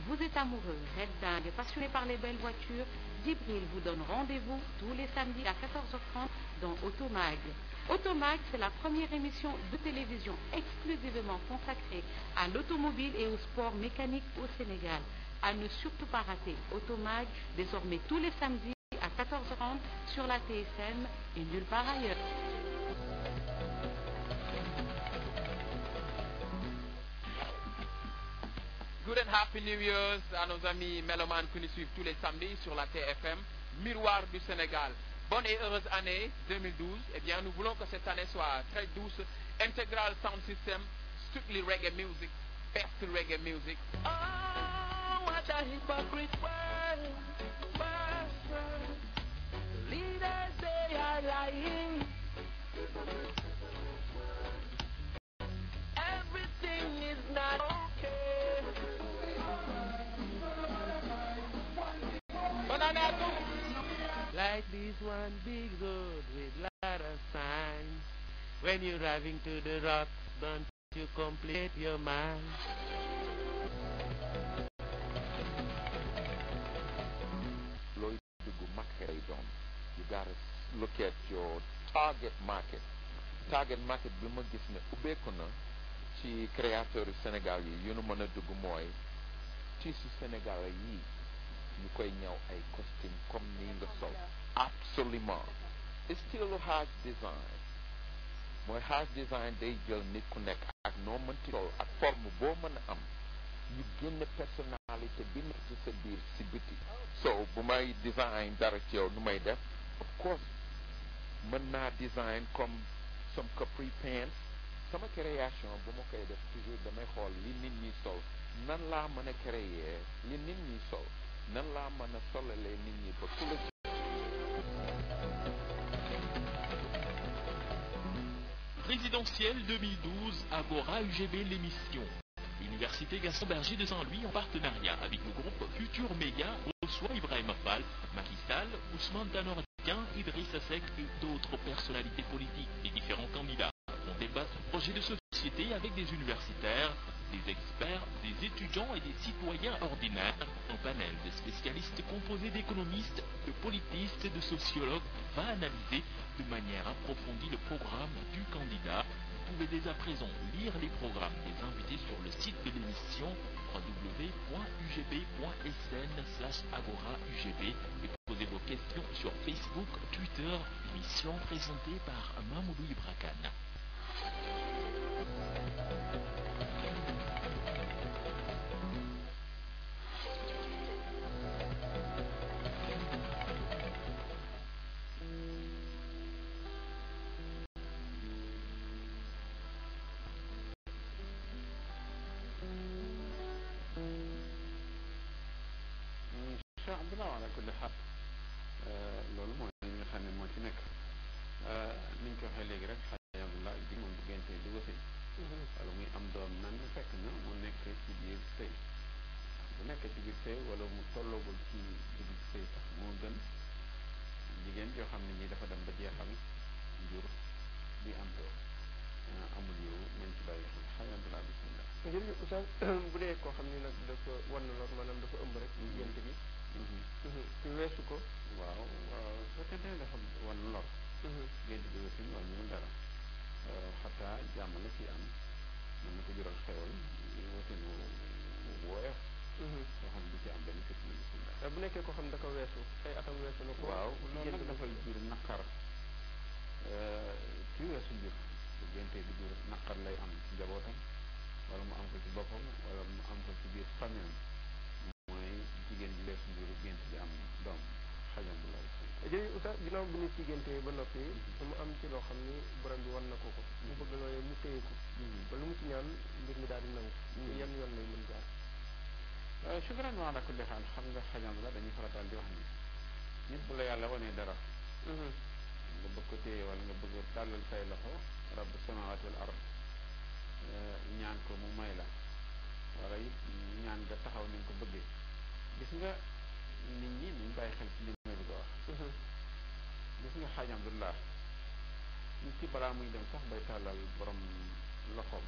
Vous êtes amoureux, red dingue, passionné par les belles voitures, Djibril vous donne rendez-vous tous les samedis à 14h30 dans Automag. Automag, c'est la première émission de télévision exclusivement consacrée à l'automobile et au sport mécanique au Sénégal. À ne surtout sur la TFM et nulle part ailleurs. Good and happy New Year's à nos amis mélomanes qui nous suivent tous les samedis sur la TFM, Miroir du Sénégal. Bonne et heureuse année 2012. Eh bien, nous voulons que cette année soit très douce. Integral Sound System, strictly reggae music, best reggae music. Oh, what a hypocrite world, world. Leaders, they are lying. Everything is not like this one big road with lot of signs. When you're driving to the rocks, don't you complete your mind. Looy dugg market lay doon you gotta look your target market target market bi ma gis ne ubbeeku na ci créateur yu Sénégal yi yu nu mën a mooy ci su Sénégal ñu koy ñëw ay costume comme ni nga sol absolument it's still house design mooy house design day jël nit ku nekk ak noo mënti sol ak forme boo mën a am ñu génn personnalité bi nekk sa biir si biti so bu may design dara ci yow nu may def of course mën naa design comme some capri pants sama création bu ma koy def toujours damay xool li nit ñi sol nan laa mën a créer li nit ñi sol nan laa mën a solalee nit ñi ba ku la ci Présidentielle 2012, Agora UGB l'émission. L'Université Gaston Berger de Saint-Louis en partenariat avec le groupe Futur Média reçoit Ibrahim Fall, Macky Sall, Ousmane Tanordien, Idriss et d'autres personnalités politiques. Les différents candidats On débat de projet société avec des universitaires, des experts, des étudiants et des citoyens ordinaires, un panel de spécialistes composé d'économistes, de politistes de sociologues va analyser de manière approfondie le programme du candidat. Vous pouvez dès à présent lire les programmes des invités sur le site de l'émission www.ugb.sn/agora-ugb et posez vos questions sur Facebook, Twitter, émission présentée par Mamoudou Ibrakan. sa bu dee koo xam ne nag dafa war na lool maanaam dafa ëmb rek. gént mm-hmm. bi. Mm-hmm. Mm-hmm. weesu ko. waaw su fekkee dafa war na lool. gént bi aussi loolu ñu euh, la ci am mën na ko jural xewal woote lu am benn kër gi. bu nekkee koo xam da ko weesu ay atam weesu na ko. waaw loolu nag dafay jur naqar euh, kii weesu jur naqar lay am ci wala mu am ko ci boppam wala mu am ko ci biir famille mooy jigéen bi lekk njuru gént bi am doom xajam bu loolu jërëjëf oustaz ginnaaw bi ñu ci géntee ba noppi mm-hmm. mu am ci loo xam ni borom bi war na ko ko mm-hmm. mu bëgg loolee mu téye ko mm-hmm. ba lu mu ci ñaan mbir mi daal di nangu yan yoon lay mën jaar euh, sukran wa xam nga xajam la dañuy farataal di wax yàlla wanee dara nga bëgg ko téye wala nga bëgg tàllal say loxo rabbu samawati wal Eh, ñaan ko mu may la wala ñaan nga taxaw ni nga ko bëggee gis nga nit ñi ñu bàyyi xel ci li may bëgg a wax gis nga xaaj Abdullah nit ki balaa muy dem sax bay tàllal borom loxoom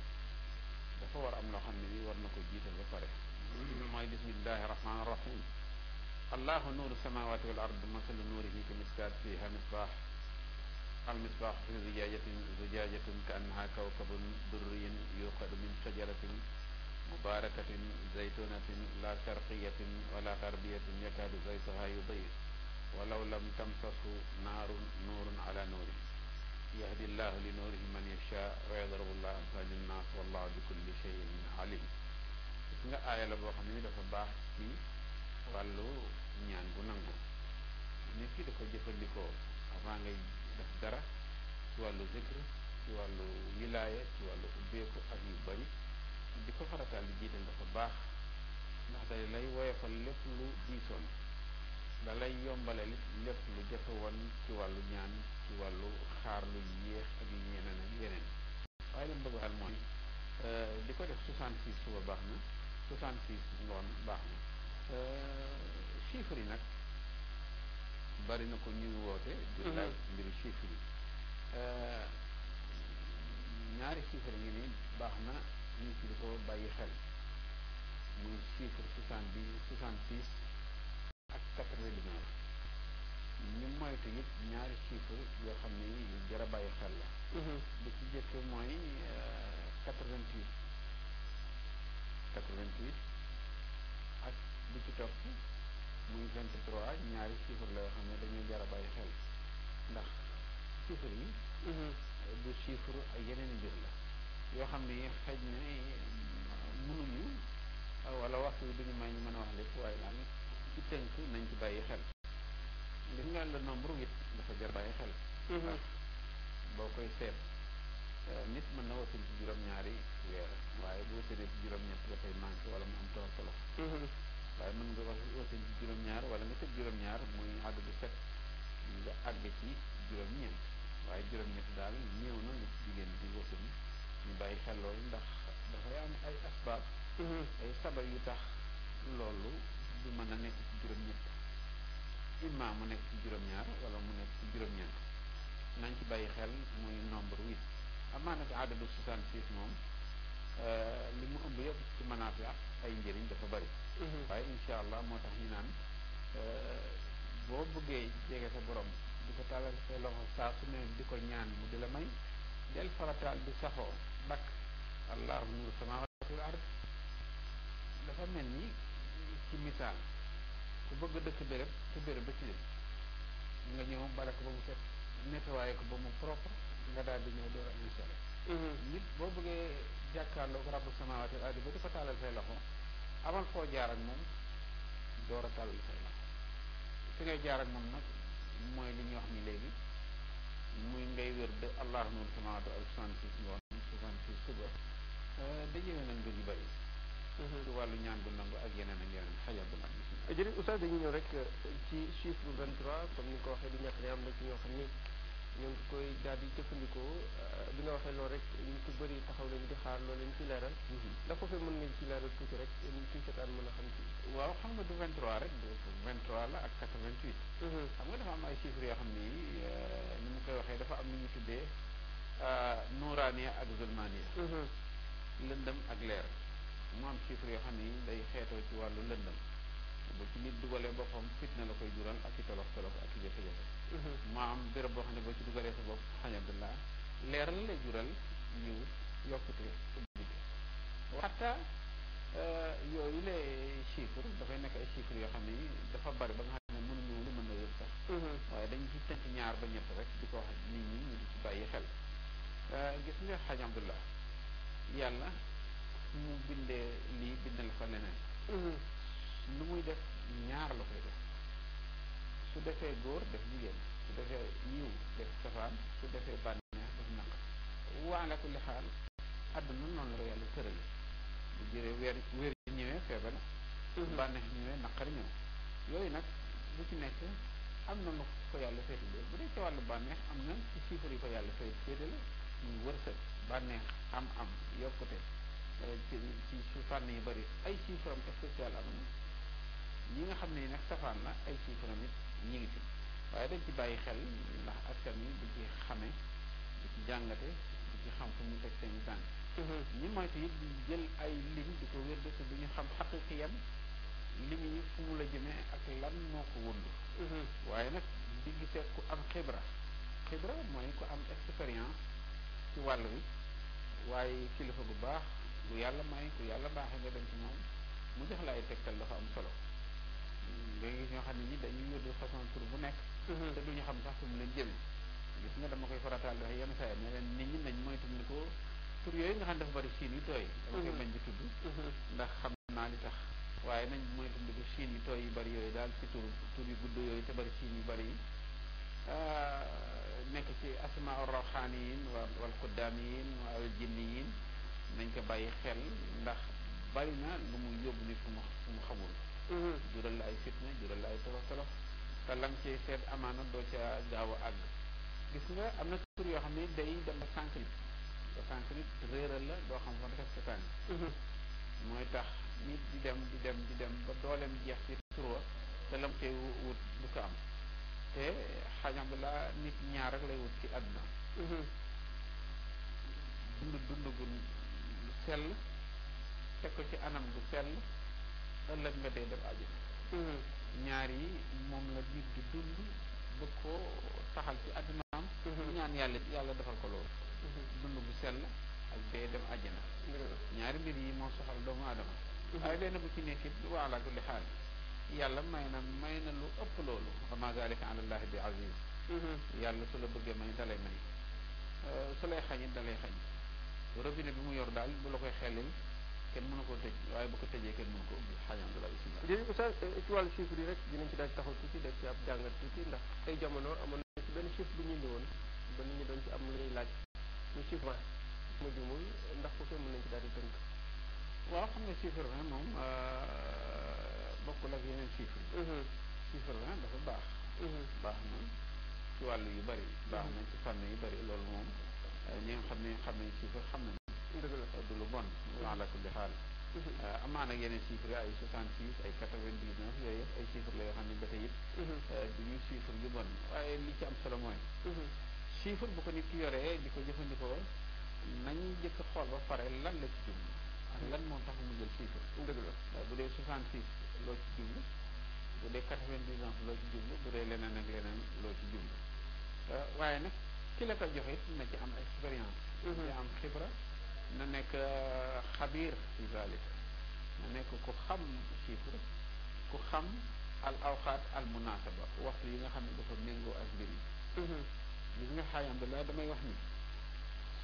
dafa war am noo xam ne ni war na ko jiital ba pare mm-hmm. mooy bismillahi rahmani rahim allahu nuuru samawati wal ard masalu nuurihi ka miskaat fiha misbaax المصباح في زجاجة زجاجة كأنها كوكب دري يوقد من شجرة مباركة زيتونة لا شرقية ولا غربية يكاد زيتها يضيء ولو لم تمسسه نار نور على نور يهدي الله لنوره من يشاء ويضرب الله أمثال الناس والله بكل شيء عليم gis nga aaya la boo xam ne dafa baax ci wàllu ñaan bu nangu nit ki da ko jëfandikoo avant ngay def dara ci wàllu zikr ci wàllu wilaaya ci wàllu ubbeeku ak yu bari di ko farataal di jiital dafa baax ndax day lay woyofal lépp lu diisoon da lay yombalal lépp lu jafe woon ci wàllu ñaan ci wàllu xaar lu yéex ak yu yeneen ak yeneen waaye lam bëgg waxal mooy euh, di ko def 66 suba baax na 66 ngoon baax na euh, chiffre yi nag bari na ko ñuy woote di mhm. laaj mbiru chiffre yi euh, ñaari chiffre yi nii baax na ñu ci di ko bàyyi xel mu chiffre soixante bi soixante ak quatre-vingt-dix-neuf ñu moytu it ñaari chiffre yoo xam ne yu jar a bàyyi xel la mhm. bi ci jëkk mooy euh, quatre-vingt-huit quatre-vingt-huit ak bi ci topp muy 23 ñaari chiffre la yoo xam ne dañuy jar a bàyyi xel ndax chiffre yi. Mhm. du chiffre ay yeneen mbir la yoo xam ne xëj na mënuñu wala waxtu bi duñu may ñu mën a wax lépp waaye daal ci nañ ci bàyyi xel. gis nga le nombre huit dafa jar bàyyi xel. Mhm. ndax boo koy seet euh, nit mën na watul ci juróom-ñaari weer waaye bu wutalee ci juróom-ñett dafay manqué wala mu am toor waaye mën nga wax woote ci juróom-ñaar wala nga tëb juróom-ñaar muy àgg bu set nga ci waaye juróom-ñett daal néew na lu jigéen di woote ñu bàyyi xel loolu ndax dafay am ay asbaab mhm. ay sabab yu tax loolu du mën a nekk ci juróom-ñett imma mu nekk ci juróom-ñaar wala mu nekk ci juróom-ñeent nañ ci bàyyi xel muy nombre huit amaa nag àddu soixante six moom euh, li mu ëmb yëpp ci manaafi ay njëriñ dafa bari Mhm. ay incha allah moo tax ñu naan euh, boo bëggee jege sa borom di ko tàllal say saa su di ko ñaan mu di la may del farataal di saxoo bakk allahu nuru samaawaati wal ard dafa mel ni ci misaal ku bëgg dëkk béréb te béréb ba ci dem nga ñëw bala ko mu set nettoyé ko ba mu propre nga daal di ñëw door a installé mhm. nit boo bëggee jàkkaarloo ko rabbu samaawaati wal ard ba di ko tàllal say loxo amal foo jaar ak moom door a tàllal say fi ngay jaar ak moom nag mooy li ñuy wax ni léegi muy ngay wér de allah noonu samaado ak soixante six ngoon soixante six suba euh, dajëwe nañ ko ñu mhm. wàllu ñaan bu nangu ak yeneen ak yeneen xaja bu nag jërëjëf oustaz dañu ñëw rek euh, ci chiffre vingt-trois comme ni ko waxee du ñàkk ne am na ci ñoo xam ni ñoo koy daal di jëfandikoo euh, bi nga waxee loolu rek ñu ci bëri taxaw nañu di xaar loolu lañ ci leeral. Mhm. ndax foofu mën nañ ci leeral tuuti rek ñu ci seetaan mën a xam ci. waaw xam nga du 23 rek du 23 la ak 88. Mhm. xam nga dafa am ay chiffres yoo xam ni euh, ni mu koy waxee dafa am nu ñu tuddee euh, nuuraaniya ak zulmaaniya. Mhm. lëndëm ak leer mu am chiffres yoo xam ni day xeetoo ci wàllu lëndëm ba ci nit dugalee fit fitna la koy jural ak i tolof tolof ak i jafe-jafe. maam am béréb boo xam ne boo ci dugalee sa bopp xanabillaa leer la lay jural yiw yokkute ubbite euh, yooyu la chiffre dafay nekk ay chiffre yoo xam ne dafa bari ba nga xam ne mënuñu lu mën na yëpp sax mhm. waaye dañ ci tënk ñaar ba ñett rek di ko wax nit ñu di ci bàyyi xel euh, gis nga xanabillaa yàlla mu bindee lii bindal ko leneen mhm. lu muy def ñaar la koy def su defee góor def jigéen su defee yiw def safaan su defee bànneex def naqar waa nga kulli xaal àdduna noonu la yàlla tëral bu jëree weer weer ñëwee feebar na mhm. bànneex ñëwee naqar ñëw yooyu nag bu ci nekk am na lu ko yàlla féetale bu dee ci wàllu bànneex am na ci chiffre yi ko yàlla fay féetale muy wërsëg bànneex am am yokkute euh, ci ci fànn yu bëri ay chiffre am spécial am nga xam ne nag safaan la ay chiffre ñi ngi fi waaye dañ ci bàyyi xel ndax askan wi bu ci xamee bu ci jàngate bu ci xam fu mu teg seen i tànk mhm. ñi moytu it di jël ay lim di ko wér te du ñu xam xaqiqiyam lim yi fu mu la jëmee ak lan moo ko wënd mhm. waaye nag di gisee ku am xibra xibra mooy ku am expérience ci wàll wi waaye kilifa bu baax bu yàlla may ku yàlla baaxee nga dem ci moom mu jox la ay tegtal dafa am solo ñoo xam ne ni dañuy wër de façon tur bu nekk mm-hmm. te duñu xam sax fu mu leen jëm gis nga dama koy farataal wax yenn saa yi ne leen nit ñi nañ moytandiku tur yooyu nga xam ne dafa bari siin yu tooy mm-hmm. dama koy bañ di tudd mm-hmm. ndax xam naa li tax waaye nañ moytandiku siin yu tooy yu bari yooyu daal ci tur tur yu gudd yooyu te bari siin yu bari yi ah, nekk ci asmaa ar-rawxaaniyiin wal quddaamiyiin wal jinniyiin nañ ko bàyyi xel ndax bari na lu mu yóbbu ni fu mu xamul Mm-hmm. jural la ay fitna jural la ay tolof tolof te lan cee seet amaana doo ca gaaw a àgg gis nga am na tur yoo xam ne day dem ba sànq nit ba sànq nit réeral la doo xam fan def sa tànk mooy tax nit di dem di dem di dem ba dooleem jeex ci tur wa te lam koy wut du ko am te xajam la nit ñaar rek lay wut ci àdduna mm-hmm. dund dund gu sell ko ci anam gu sell ëllëg nga dee dem àjjana hmm. ñaar yi moom la nit di dund bëgg ko taxal ci àddunaam hmm. ñaan yàlla yàlla defal ko loolu hmm. dund bu sell ak dee dem àjjana ñaari mbir yi moo soxal doomu aadama waaye benn bu ci nekkit waa ala kulli xaal yàlla may na may na lu ëpp loolu wa ma zalika ala llahi la bëggee may dalay may euh, su lay xañit dalay xañ robinet bi mu yor daal bu la koy xelil kenn mënu koo tëj waaye bu ko tëjee kenn mënu bi ubbi xaaj Abdoulaye bisimilah. léegi oustaz eh, ci wàllu chiffre yi rek dinañ ci daal taxaw tuuti def ci ab jàngat tuuti ndax ay jamono amoon na ci benn chiffre bu ñu indi woon ba nit ñi doon ci am laaj mu chiffre ma jumul ndax ku fee mën nañ ci daal di tënk. waaw xam nga chiffre vingt moom euh, bokkul ak yeneen chiffre. Mm-hmm. chiffre vingt dafa baax. Mm-hmm. baax na ci wàllu yu bari. Mm-hmm. baax na ci fànn yu bari loolu moom euh, ñi xam ne xam nañ chiffre xam nañ. addu lu bon ala kulli xaal amaa nag yeneen chiffres ay 66 ay 99 yooyu yëpp ay chiffres la yoo xam ne ba tey it du ñu chiffre yu bon waaye li ci am solo mooy chiffre bu ko nit ki yoree di ko jëfandikoo nañu jëkk xool ba pare lan la ci jublu ak lan moo tax mu jël chiffre dëgg la bu dee 66 loo ci jublu bu dee 99 loo ci jublu bu dee leneen ak leneen loo ci jublu waaye nag ki la ko joxe na ci am expérience na ci am xibra na nekk euh, xabiir fi na nekk ku xam chiffre ku xam al awqaat al munasaba waxtu yi nga xam ne dafa méngoo ak mbir yi mm-hmm. gis nga xaayam bi la damay wax ni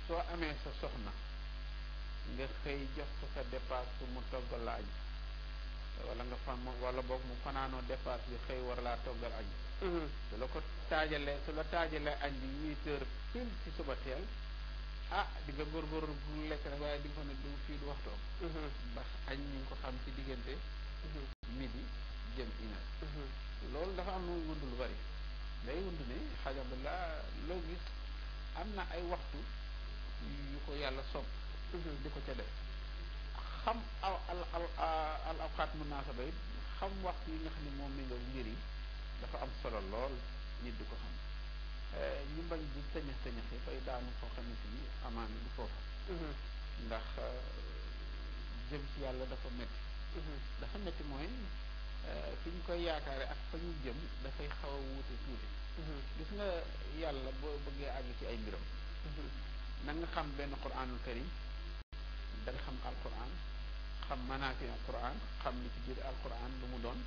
soo amee sa soxna nga xëy jox ko sa dépasse su mu togg la añ wala nga fan wala boo mu fanaanoo dépasse bi xëy war laa toggal añ mm-hmm. su la ko taajalee su la taajalee añ bi huit heures ci suba teel ah di nga góorgóorlu bu lekk rek waaye di nga xam ne du fii du waxtoom mhm. ndax añ ñu ngi ko xam ci diggante mhm. midi jëm une heure mhm. loolu dafa am nu wund lu bari day wund ne xaj abdullah loo gis am na ay waxtu yu ko yàlla sopp di ko ca def xam aw al al al awqaat munaasaba xam waxtu yi nga xam ne moom mi nga njëriñ dafa am solo lool nit di ko xam Euh, ñu bañ di tëñëx tëñëxi bay daanu foo xamante ni amaana du foofu mhm. ndax euh, jëm ci yàlla dafa métti mhm. dafa métti mooy euh, fi ñu koy yaakaare ak fa ñu jëm dafay xaw a wuute tuuti mhm. gis nga yàlla boo bëggee àgg ci ay mbiram na nga xam benn quraanul karim da nga xam alquran xam manaafi alquran xam li ci biir alquran lu mu doon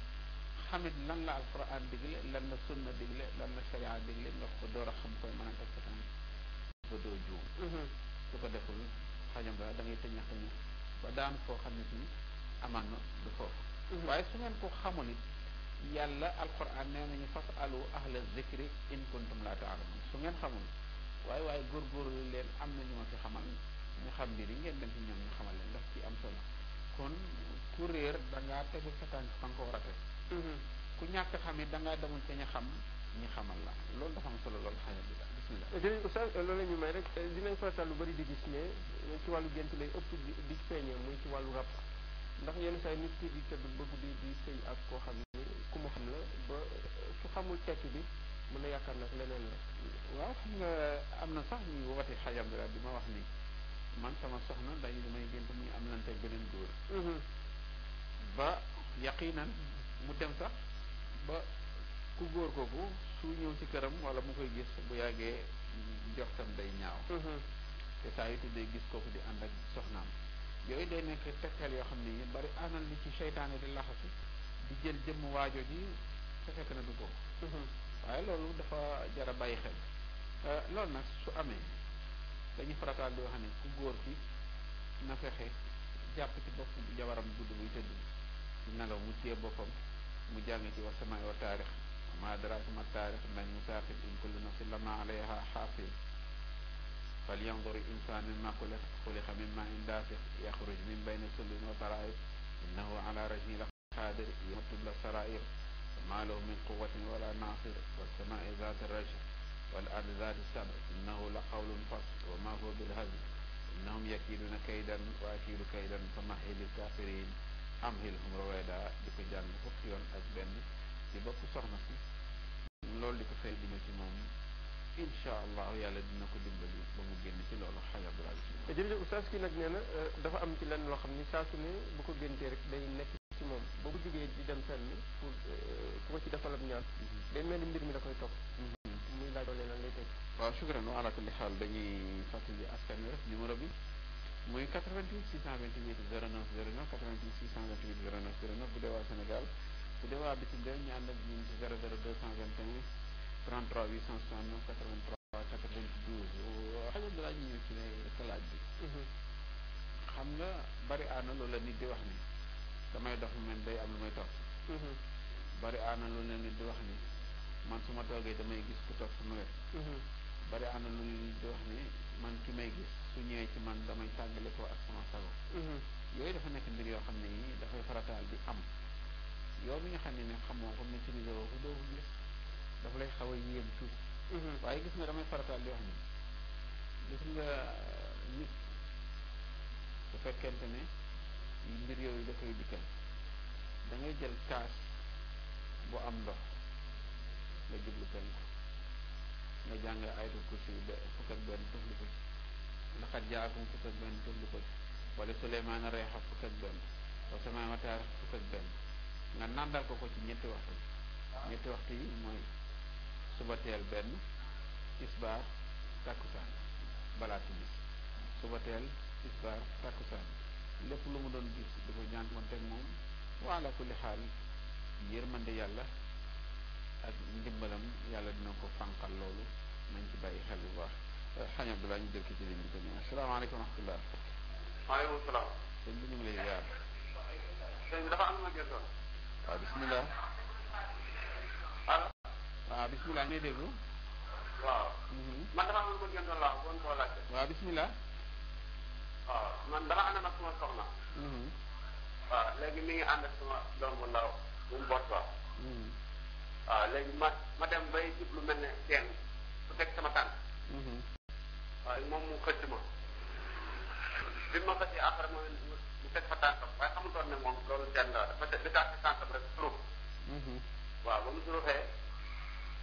xamit lan la alquran digle lan la sunna digle lan la sharia digle nga ko door a xam koy mën a teg ko tam ba doo juum mm-hmm. su ko deful xajam ba da ngay tëñ a tëñ ba daan foo xam ne ni amaan na du foofu mm-hmm. waaye su ngeen ko xamul it yàlla alquran nee nañu fas alu ahla zikri in kuntum laa taalamun su ngeen xamul waaye waaye góorgóorlu leen am na ñu ma fi xamal ñu xam mbir yi ngeen dem ci ñoom ñu ndax ci am solo kon ku réer da ngaa tegu sa tànk fa ko war a teg Mm-hmm. ku ñàkk xamit da ngaa demul ca ña xam ñi xamal la loolu dafa am solo loolu xayat bi si bismillah eh, jërëjëf lool loolu la may rek eh, dinañ farataal lu bari di gis ne ci wàllu gént lay ëpp di feeñee muy ci wàllu rab ndax yenn saa nit ki di tëdd bëgg di bi sëy ak koo xam ne ku mu xam la ba su xamul tekki bi mën na yaakaar nag leneen la waaw xam nga am na sax ñuy woote xayam bi di ma wax ni man sama soxna day damay gént muy am lante beneen góor mm-hmm. ba yaqinan mu dem sax ba ku góor kooku su ñëw ci këram wala mu koy gis bu yàggee njortam day ñaaw mhm. te saa yu tuddee gis kooku di ànd ak soxnaam yooyu day nekk tegtal yoo xam ne yi bari anal li ci seytaane di laxasu di jël jëmm waajo ji te fekk na du kooku mhm. waaye loolu dafa jara bàyyi xel euh, loolu nag su amee dañu farataal di xam ne ku góor ki na fexe jàpp ci bopp jabaram gudd buy tëdd nelaw mu téye boppam mu jàng ci wasamaa wa taarix ma adraaka ma taarix ndañ mu saaqit in kullu nafsin lama alayha xaafid fal yanzur insaan mimma xuliqa mimma in daafiq yaxruj min bayni sullin wa taraa'ib innahu ala rajmihi la qaadir yawma tubla saraa'ir ma lahu min quwwatin wala naasir wassamaa'i zaati raj'i wal ardi zaati sab'i innahu la qawlun fasl wa ma huwa bil hazl innahum yakiiduuna kaydan wa akiidu kaydan famahhil kaafiriin am hilhum rawayda di ko jàng fukki yoon ak benn di bopp soxna si loolu di ko fay dina ci moom incha allah yàlla dina ko dimbali ba mu génn ci loolu xaya bulaal ci eh, jërëjëf oustaz nag nee na eh, dafa am lenn loo xam ni saa ne bu ko géntee rek day nekk ci moom ba bu jógee di dem fenn pour eh, ku ko ci defal ab ñaan mhm. day mel mbir mi da koy topp mhm. muy laaj loolee lan lay teg waa shukran wa ala kulli xaal dañuy fàttali askan wi rek numéro bi muy 88 628 09 09 88 628 09 09 bu dee waa Sénégal bu dee waa bitim réew ñu ànd ak ñun ci 00 221 33 869 83 92 xajal balaa ñu ñëw ci ne sa laaj bi mhm. xam nga bari aana loolu la nit di wax ni damay dox mel day am lu may topp mhm. bari aana loolu la nit di wax ni man su ma toogee damay gis ku toog sama wet mhm. bari aana loolu la wax man ki may gis su ñëwee ci man damay tàggale ko ak sama sago mm-hmm. yooyu dafa nekk mbir yoo xam ne yi dafay farataal bi am yow mi nga xam ne ne xamoo ko maîtriser woo ko doo ko gis dafa lay xaw a yéem tuuti mm-hmm. waaye gis nga damay farataal di wax ni uh, nit su fekkente ne mbir yooyu da koy dikkal da ngay jël kaas bu am ndox nga jublu penku nga jàng ayatul kursi be fukk ak benn tufli ko ci laqad jaakum fukk ak benn tufli ko ci wala suleymaana reexa fukk ak benn wa samaa wa taarix fukk ak benn nga nàndal ko ko ci ñetti waxtu ñetti waxtu yi mooy suba teel benn isbaar takkusaan balaa timis suba teel isbaar takkusaan lépp lu mu doon gis di ko ñaan moom teg moom waala kulli xaal yërmande yàlla ak ndimbalam yàlla dina ko fànqal loolu nañ ci bàyyi xel bu baax xañ Abdoulaye ñu jël ki ci ligne bi tamit asalaamaaleykum wa rahmatulah. maaleykum salaam. sëñ bi ñu ngi bi dafa am lu ma jëndoon. waaw bisimilah. allo. waaw bisimilah ñu ngi lay déglu. Mhm. man dafa am lu ma jëndoon waaw bon koo laajte. waaw bisimilah. waaw man dama ànd ak sama soxna. Mhm. waaw léegi mi ngi ànd ak sama doom bu ndaw bu mu boot waaw. Mhm. waaw ah, léegi ma ma dem bay jublu mel ne gen su teg sama tànk waaye mhm. ah, moom mu xëcc ma bi ma xëccee après mu teg fa tànkam waaye xamutoon ne moom loolu teen la dafa teg li tax ci tànkam rek suróof mhm. waaw ba mu suróofee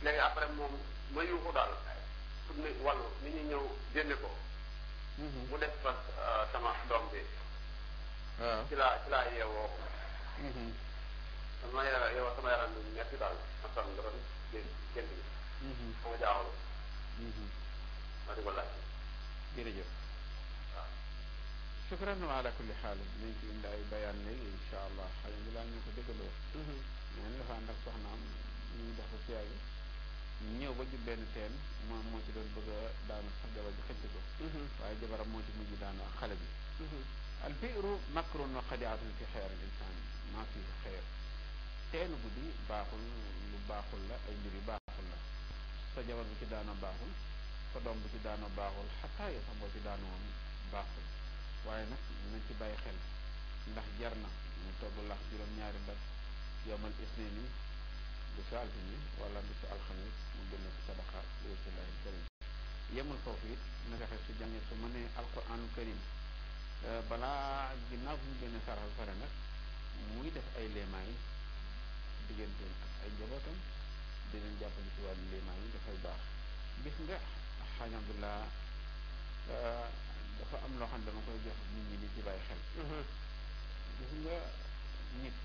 léegi après moom ma yuuxu daal pour ni wàllu ni ñu ñëw génne ko mhm. mu def fa ah, sama doom bi ci sama yaram yow sama yaram bi metti daal asam nga doon génn génn gi. sama mhm. jaaxaloo. Mhm. ma di ko laaj. jërëjëf. waaw. shukran wa ala kulli xaal dinañ ci indi ay bayaan léegi incha allah xale bi laa ñu ko dëggaloo. mais mhm. dafa ànd ak soxnaam ñu ngi dox ba si yàgg ñëw ba jub benn teen moom moo ci doon bëgg a daanu sax jabar ji xëcc ko. waaye jabaram moo ci mujj daanu ak xale bi. al biiru makrun wa xadiatun fi xeer al insaan maa fi xeer. teenu guddi baaxul lu baaxul la ay mbir yu baaxul la sa jawar bu ci daana baaxul sa doom bu ci daana baaxul xataa yow sax boo ci daana woon baaxul waaye nag nañ ci bàyyi xel ndax jar na mu togg lax juróom-ñaari mbas yomal isnayni bu si altine wala bu si alxamis mu génne si sadaqa yooyu si laay karim yemul foofu it na nga xel su jàngee su mënee alquranu karim balaa ginnaaw bu ñu génne sarax ba pare nag muy def ay leemaay digganteem ak ay njabootam dinañ jàppale ci wàllu liimaan yi dafay baax gis nga xañ Abdullah euh, am loo xam dama koy jox ni ñi di ci xel mhm. gis nga nit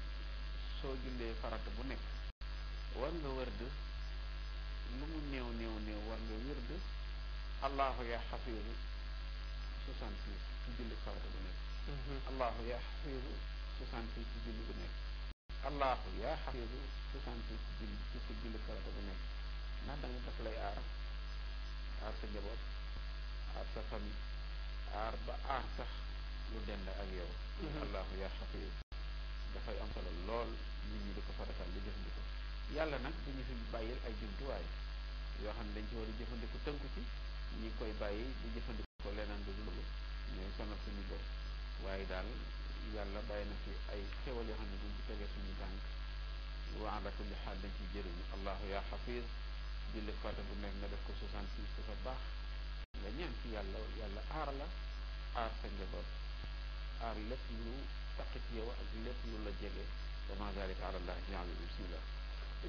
soo jullee farata bu nekk war nga wërd mu néew néew néew war nga wërd allahu ya xafiiru soixante six ci julli bu nekk allahu ya xafiiru soixante six ci bu nekk allahu yaa xafiisu soixante ci julli ci sa julli farata bu nekk ndax da nga daf lay aar aar sa njaboot aar sa famille aar ba aar sax lu dend ak yow mm-hmm. allahu yaa xafiisu dafay am solo lool nit ñi di ko faratal di jëfandikoo yàlla nag dañu fi bàyyil ay jumtuwaay yoo xam ne dañ ci war a jëfandikoo tënku ci ñi koy bàyyi di jëfandikoo leneen du loolu ñooy sonal suñu bopp waaye daal yàlla bàyyi na fi ay xéwal yoo xam ne buñ ci tegee suñu tànk wa ala kulli xaal dañ ciy jëriñu allahu yaa xafiz julli farata bu nekk nga def ko soixante six dafa baax nga ñaan ci yàlla yàlla aar la aar sa njaboot aar lépp lu taqit yow ak lépp lu la jege dama zalika ala allah jaami bismillah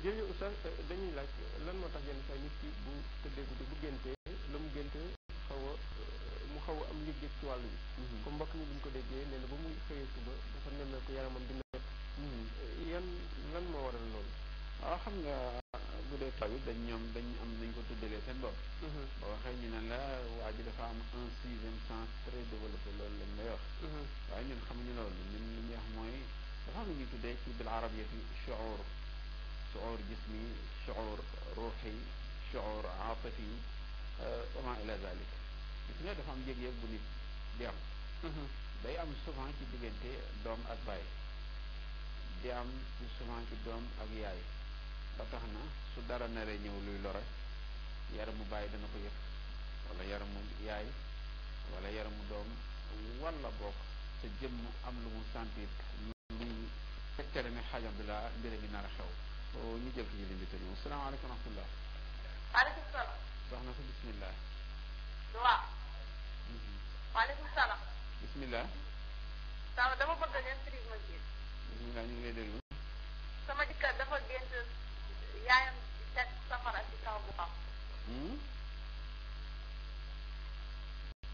jërëjëf oustaz dañuy laaj lan moo tax yenn saa bu tëddee guddi bu géntee la mu génte xaw xaw a am yëg-yëg ci wàllu bi mhm. comme mbokk mi buñ ko déggee nee na ba muy xëyee suba dafa nemmeeku yaramam di nekk mhm. yan lan moo waral loolu a ah, xam nga bu dee taw bi dañ ñoom dañ am nañ ko tuddalee seen bopp mhm. boo waxee ñu ne la waa ji dafa am un sixième sens très développé loolu lañ lay wax waaye ñun xamuñu loolu ñun li ñuy wax mooy dafa am lu ñuy tuddee ci bil arabiyati shuur shuur jismi shuur ruuxi shuur aatifi euh, wa ma ila zalik su ne dafa am yëg bu nit di am mm-hmm. day am souvent ci diggante doom ak baay di am souvent ci doom ak yaay ba tax na su dara nare ñëw luy lore yaramu baay dana ko yëg wala yaramu yaay wala yaramu doom wala bokk sa jëmm am lu mu sentir luy tegtale ne xajam bi laa mbir bi nar a xew ñu jël ki ñu limité ñu salaamaaleykum wa rahmatullah aleykum salaam soxna waaw. waaleykum salaam. bisimilah. ça dama bëgg ngeen firi ma gént. bisimilah ñu ngi lay déglu. sama jëkkër dafa gént hmm? yaayam di teg safara ci kaw bu xam.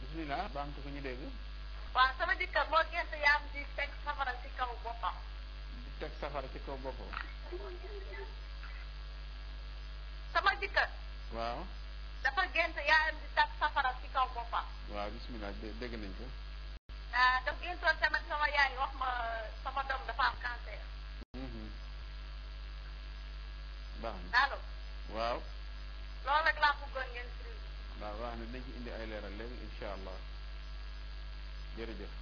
bisimilah baamtu ko ñu dégg. waaw sama jëkkër moo gént yaayam di teg safara ci kaw boppam. di safara ci kaw boppam. sama jëkkër. waaw. dafa gént yaayam di tàkk safara ci kaw boppam. waaw bisimilah dégg nañ ko. Ah, daf géntoon tamit sama yaay wax ma sama doom dafa am cancer. Mhm. baax na allo. waaw. loolu rek laa bëggoon ngeen si. waaw baax na dinañ ci indi ay leeral léegi incha allah jërëjëf.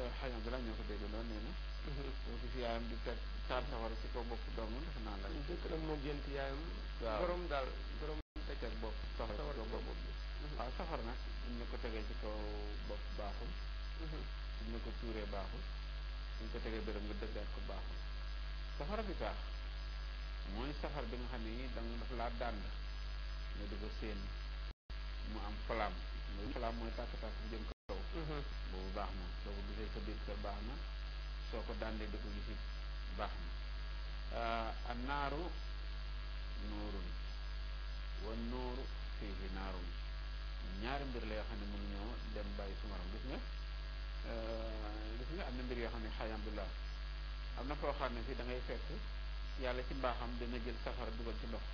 Eh, xëy na balaa ñoo ko dégg na. Mhm. boo gis yaayam di tàkk safara ci kaw bopp doomam dafa naan la. dëkk la moo gént yaayam. waaw borom daal teg bopp taxaw ci kaw bopp mhm. safara nag suñ ne ko tegee ci kaw bopp baaxul mhm. suñ ne ko tuuree baaxul suñ ko tegee bërëb nga dëggaat ko baaxul safara bi taax mooy safar bi nga xam ne da daf laa dànd nga di ko seen mu am flamme mooy flamme mooy tàkk-tàkk bu jëm kaw mhm. boobu baax na soo ko gisee sa biir kër baax na soo ko dàndee di ko gisi baax na a ah, naaru nuurun wa nooru fiihi naarun ñaari mbir la yoo xam ne mënuñoo dem bàyyi sumaram gis nga euh, gis nga am na mbir yoo xam ne alhamdulilah am na foo xam ne fii da ngay fekk yàlla ci mbaaxam dina jël safara dugal ci ndox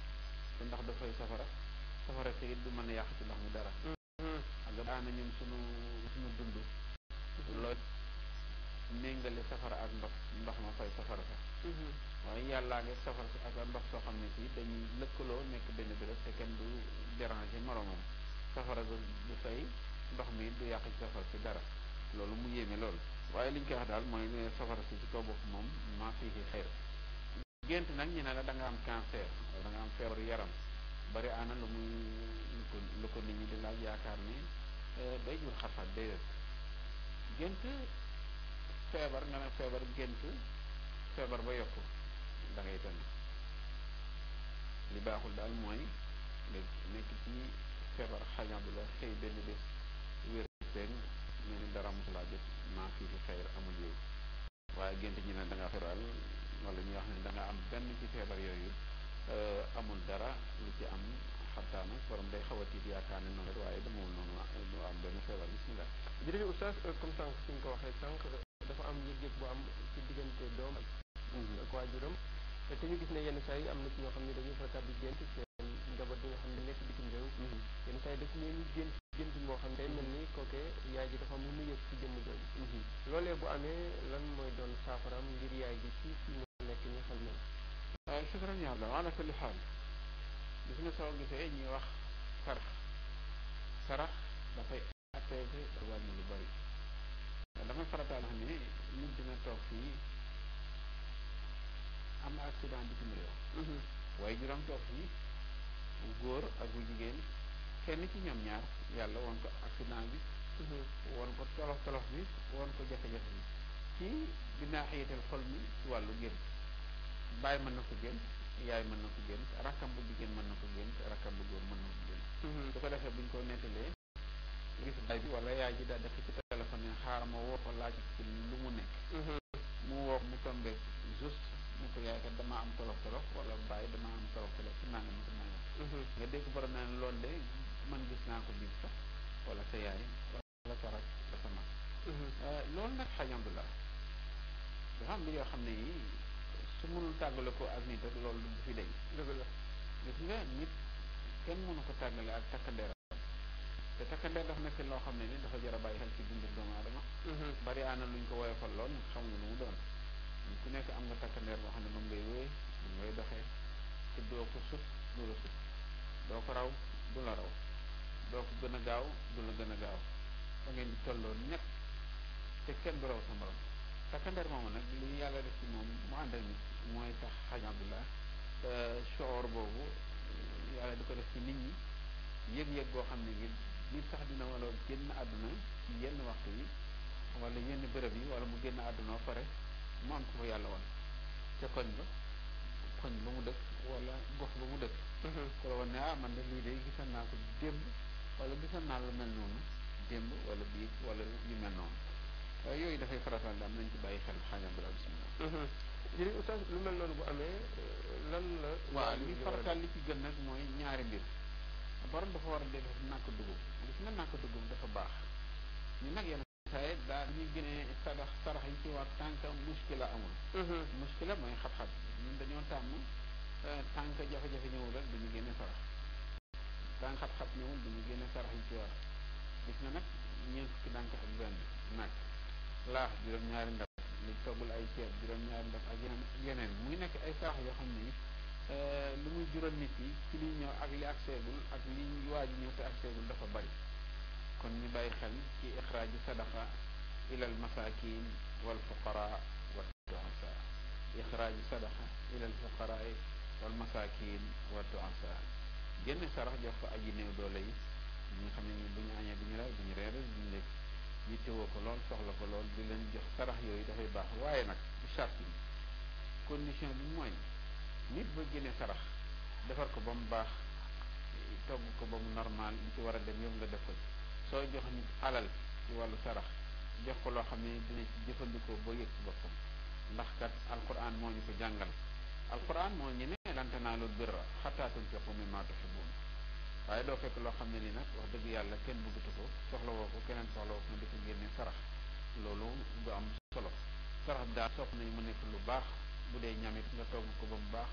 te ndax dafay safara safara te it du mën a yàq ci ndox mi dara. Mm-hmm. xam nga daana ñun sunu sunu dund. Mm-hmm. loolu. méngale safara ak ndox ndox ma fay safara sa mhm. waaye yàllaa ngi safara si ak ndox soo xam ne si dañuy lëkkaloo nekk benn béréb te kenn du déranger moromam safara du du ndox mi du yàq ci safara si dara loolu mu yéeme loolu waaye li ñu koy wax daal mooy ne safara si ci kaw bopp moom maa fii di xeer gént nag ñu ne la da nga am cancer danga da nga am feebaru yaram bari ana lu muy lu ko lu ko nit ñi di laaj yaakaar ne eh, day jur xarfat déedéet gént feebar nga ne feebar géntu feebar ba yokku da ngay tënk li baaxul daal mooy nga nekk ci feebar xañabu la xëy benn bés wér seen ne dara mosulaa jot maa fii fi xëyr amul yow waaye gént ñi ne danga nga feebaral wala ñuy wax ne da am benn ci feebar yooyu euh, amul dara lu ci am xartaana borom day xaw a tiit yaakaar ne noonu rek waaye dama noonu am benn feebar bismillah jërëjëf oustaz comme sànq suñ ko waxee sànq dafa am yëg-yëg bu am ci diggante doom ak mhm. waajuram te ñu gis ne yenn saa yi am na ci ñoo xam ne dañuy faral di gént seen njaboot bi nga xam ne nekk bitim réew mhm. yenn saa yi daf leen gént xam ne day mel ni kooke yaay ji dafa am lu mu yëg ci jëmm jooju mhm. loole bu amee lan mooy doon saafaram ngir yaay ji ci fi mu nekk ñu xam ne shukran yàlla ala kulli xaal gis nga soo gisee ñuy wax sarax sarax dafay attévé wàññi lu bari dafa farataal xam ne nit dina toog fii am accident bitim réew mhm. waaye juróom toog fii bu góor ak bu jigéen kenn ci ñoom ñaar yàlla woon ko accident bi mhm. woon ko tolof tolof bi woon ko jafe-jafe bi ci dinaa xëyatal xol mi ci wàllu gént bàyyi mën na ko gént yaay mën na ko gént rakkam bu jigéen mën na ko gént rakkam bu góor mën na ko gént mhm. su ko defee buñ ko nettalee gis bay bi wala yaay bi daa def ci téléphone yi xaaral ma woo ko laaj ci lu mu nekk mhm. mu woo mu tombe juste mu ko yaay kat dama am tolof tolof wala bàyyi dama am tolof tolof ci naa nga mu dama nga dégg borom ne loolu de man gis naa ko biir sax wala sa yaay wala sa rak sa mag mhm. euh, loolu nag xajandu la dafa am li yoo xam ne yi su mënul tàggale ko ak nit rek loolu du fi dañ dëgg la gis nga nit kenn mënu ko tàggale ak takk te takkandeer daf nekk loo xam ne ni dafa jar a bàyyi xel ci dundu doomu aadama mhm. bari aana luñ ko woyofal lool xam nga nu mu doon ku nekk am na takkandeer boo xam ne moom ngay wéy moom ngay doxee te doo ko sut du doo ko raw du la raw doo gën a gaaw du la gën a gaaw da ngeen di tolloo ñett te kenn du raw sa morom nag li yàlla def ci moom mu ànd ak mooy tax xaj abdullah euh, boobu yàlla di ko def ci nit ñi yëg-yëg boo xam ne ngi nit sax dina wala génn àdduna ci yenn waxtu yi wala yenn bërëb yi wala mu génn àdduna ba pare mu am ko yàlla wan ca koñ ba koñ ba mu dëkk wala gox ba mu dëkk mhm. ko la wan ne ah man de lii de gisan naa ko démb wala gisan naa lu mel noonu démb wala biig wala yu mel noonu waaye yooyu dafay farataal daal nañ ci bàyyi xel xaajam bi la bismillah jërëjëf mhm. oustaz lu mel noonu bu amee eh, lan la waaw li farataal li ci gën nag mooy ñaari mbir borom dafa war a def nàkk dugub na naa ko duggum dafa baax ñu nag yenn saay daa ñu gënee sarax sarax yi ci war amul mhm. muskila mooy xat-xat ñun dañoo tàmm euh, tànk jafe-jafe ñëwul rek duñu génne sarax tànk xat-xat génne sarax yi ci gis na nag ñeent fukki dànk ak benn ñaari ndab li toggul ay ceeb juróom-ñaari ndab ak yeneen yeneen muy nekk ay sarax yoo xam ne euh, lu muy jural nit yi ci liy ñëw ak li ak seegul ak li waaju ñëw te ak seegul dafa bari kon ñu bàyyi xel ci ixraaju sadaqa ilal masakin wal fuqara wa duasa ixraaju sadaqa ilal fuqara wal masakin wa duasa génne sarax jox ko aji néew doole yi ñi nga xam ne ni bu ñu añee ñu reer bu ñu reere bu ñu lekk yittewoo ko lool soxla ko lool di leen jox sarax yooyu dafay baax waaye nag charte bi condition bi mooy nit ba génne sarax defar ko ba mu baax togg ko ba mu normal li ci war a dem yëpp nga def ko ci soo jox nit alal ci wàllu sarax jox ko loo xam ne dina ci jëfandikoo boo yëg ci boppam ndax kat alquran moo ñu ko jàngal alquran moo ñu ne lan tanaalul birra hattaa tunfiqu mimmaa tuhibbuun waaye doo fekk loo xam ne ni nag wax dëgg yàlla kenn bëggatu ko soxla woo ko keneen soxla woo ko di ko génne sarax loolu du am solo sarax bi daal sopp nañu mu nekk lu baax bu dee ñamit nga togg ko ba mu baax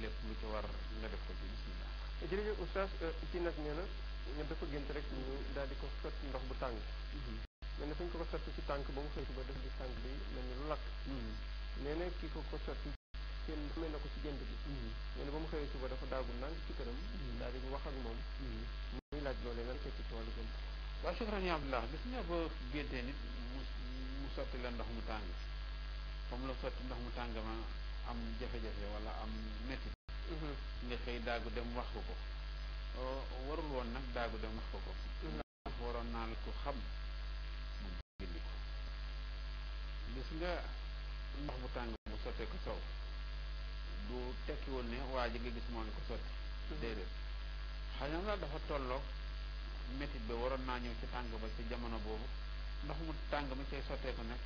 lépp lu ci war nga def ko ci bismillah jërëjëf oustaz euh, ne dafa gént rek ñu daal di ko sotti ndox bu tàng mm-hmm. mais ne fañ ko ko sotti ci tànk ba mu xëy ba def di tànk bi mel ni lu lakk mm-hmm. nee na ki ko ko sotti kenn ko ci gént bi mm-hmm. nee na ba mu xëyee suba dafa daagu nang ci këram daal di wax ak moom muy laaj loolee lan fekk ci wàllu gént waaw chukran ya abdullah gis nga ba géntee nit mu sotti la ndox mu tàng comme la sotti ndox mu tàng ma am jafe-jafe wala am métti ne xëy daagu dem wax ko ko Euh, warul woon nag daagu dem wax ko ko mm-hmm. waroon naa la ko xam mu bind ko gis nga ndox bu tàng bu sottee ko sow du tekkiwul ne waa ji nga gis moo la ko sotti mm-hmm. déedéet xanaa la dafa tolloog métit bi waroon naa ñëw ci tàng ba ci jamono boobu ndox mu tàng mi cay sotteeku nag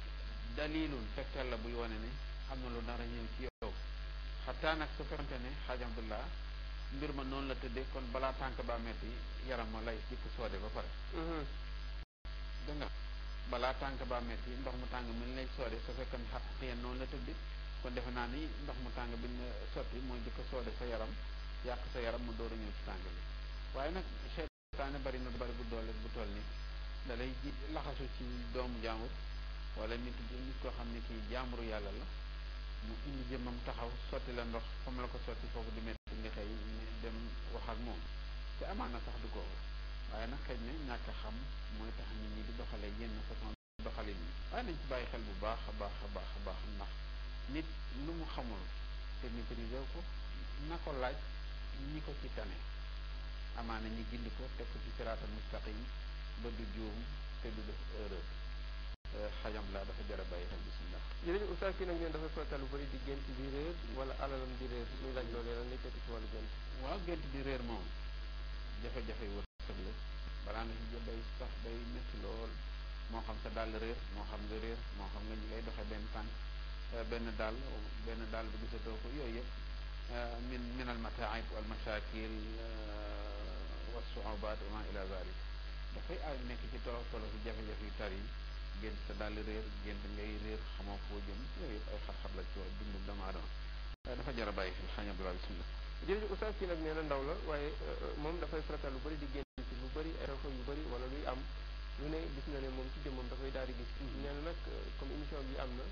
dalilul fekkeel la buy wane ne am na lu dara ñëw ci yow xataa nag su fekkante ne xaaj Abdullah mbir ma noonu la tëddee kon balaa tànk baa metti yaram ma lay jëkk soode ba pare mm-hmm. danga balaa tànk baa metti ndox mu tàng mi lay soode sa fekkoon xaqiyan noonu la tëddee kon defe naa ni ndox mu tàng bi ñu sotti mooy jëkk soode sa yaram yàq sa yaram mu door a ñëw ci tàng bi waaye nag seytaane bari na bari bu doole bu toll nii dalay ji laxasu ci doomu jaambur wala nit nit koo xam ne kii jaamburu yàlla la mu indi jëmmam taxaw sotti la ndox fa mu la ko sotti foofu di dem wax ak moom te amaan na sax du ko waaye nag xëy na ñàkk a xam mooy tax nit ñi di doxalee yenn façon doxalin yi waaye nañ ci bàyyi xel bu baax a baax a baax a baax ndax nit lu mu xamoon te maîtrisé ko na ko laaj ñi ko ci tane amaana ñi gindi ko teg ko ci siraatal mustaqim ba du juum te du def erreur euh, xajam laa dafa jar a bàyyi xel bisimilah. jërëjëf oustaz kii nag ñun dafa fekk lu bëri di gént di réer wala alalam di réer ñu laaj loolu yàlla nekkati ci wàllu gént. waaw gént bi réer moom jafe-jafe wër sëg la balaa nga ci jot day sax day lool moo xam sa dàll moo xam nga moo xam nga ñu ngay doxee benn tànk euh, benn dàll benn dàll bu gisatoo ko yooyu yëpp euh, min min al mataaib wal mashakil euh, wa suubat wa ma ila zalik dafay aay nekk ci tolo tolo si jafe-jafe yu tar sa dàll réer gént ngay réer xamoo foo jëm ay xar-xar la ci wax dundu doomu aadama dafa jar a bàyyi xel jërëjëf oustaz kii nag nee na ndaw la waaye euh, euh, moom dafay fréquent lu bëri di génn ci lu bëri ay xew yu bëri wala luy am lu ne gis na ne moom ci jëmmam dafay daal di gis mm-hmm. nee na nag euh, comme émission bi am na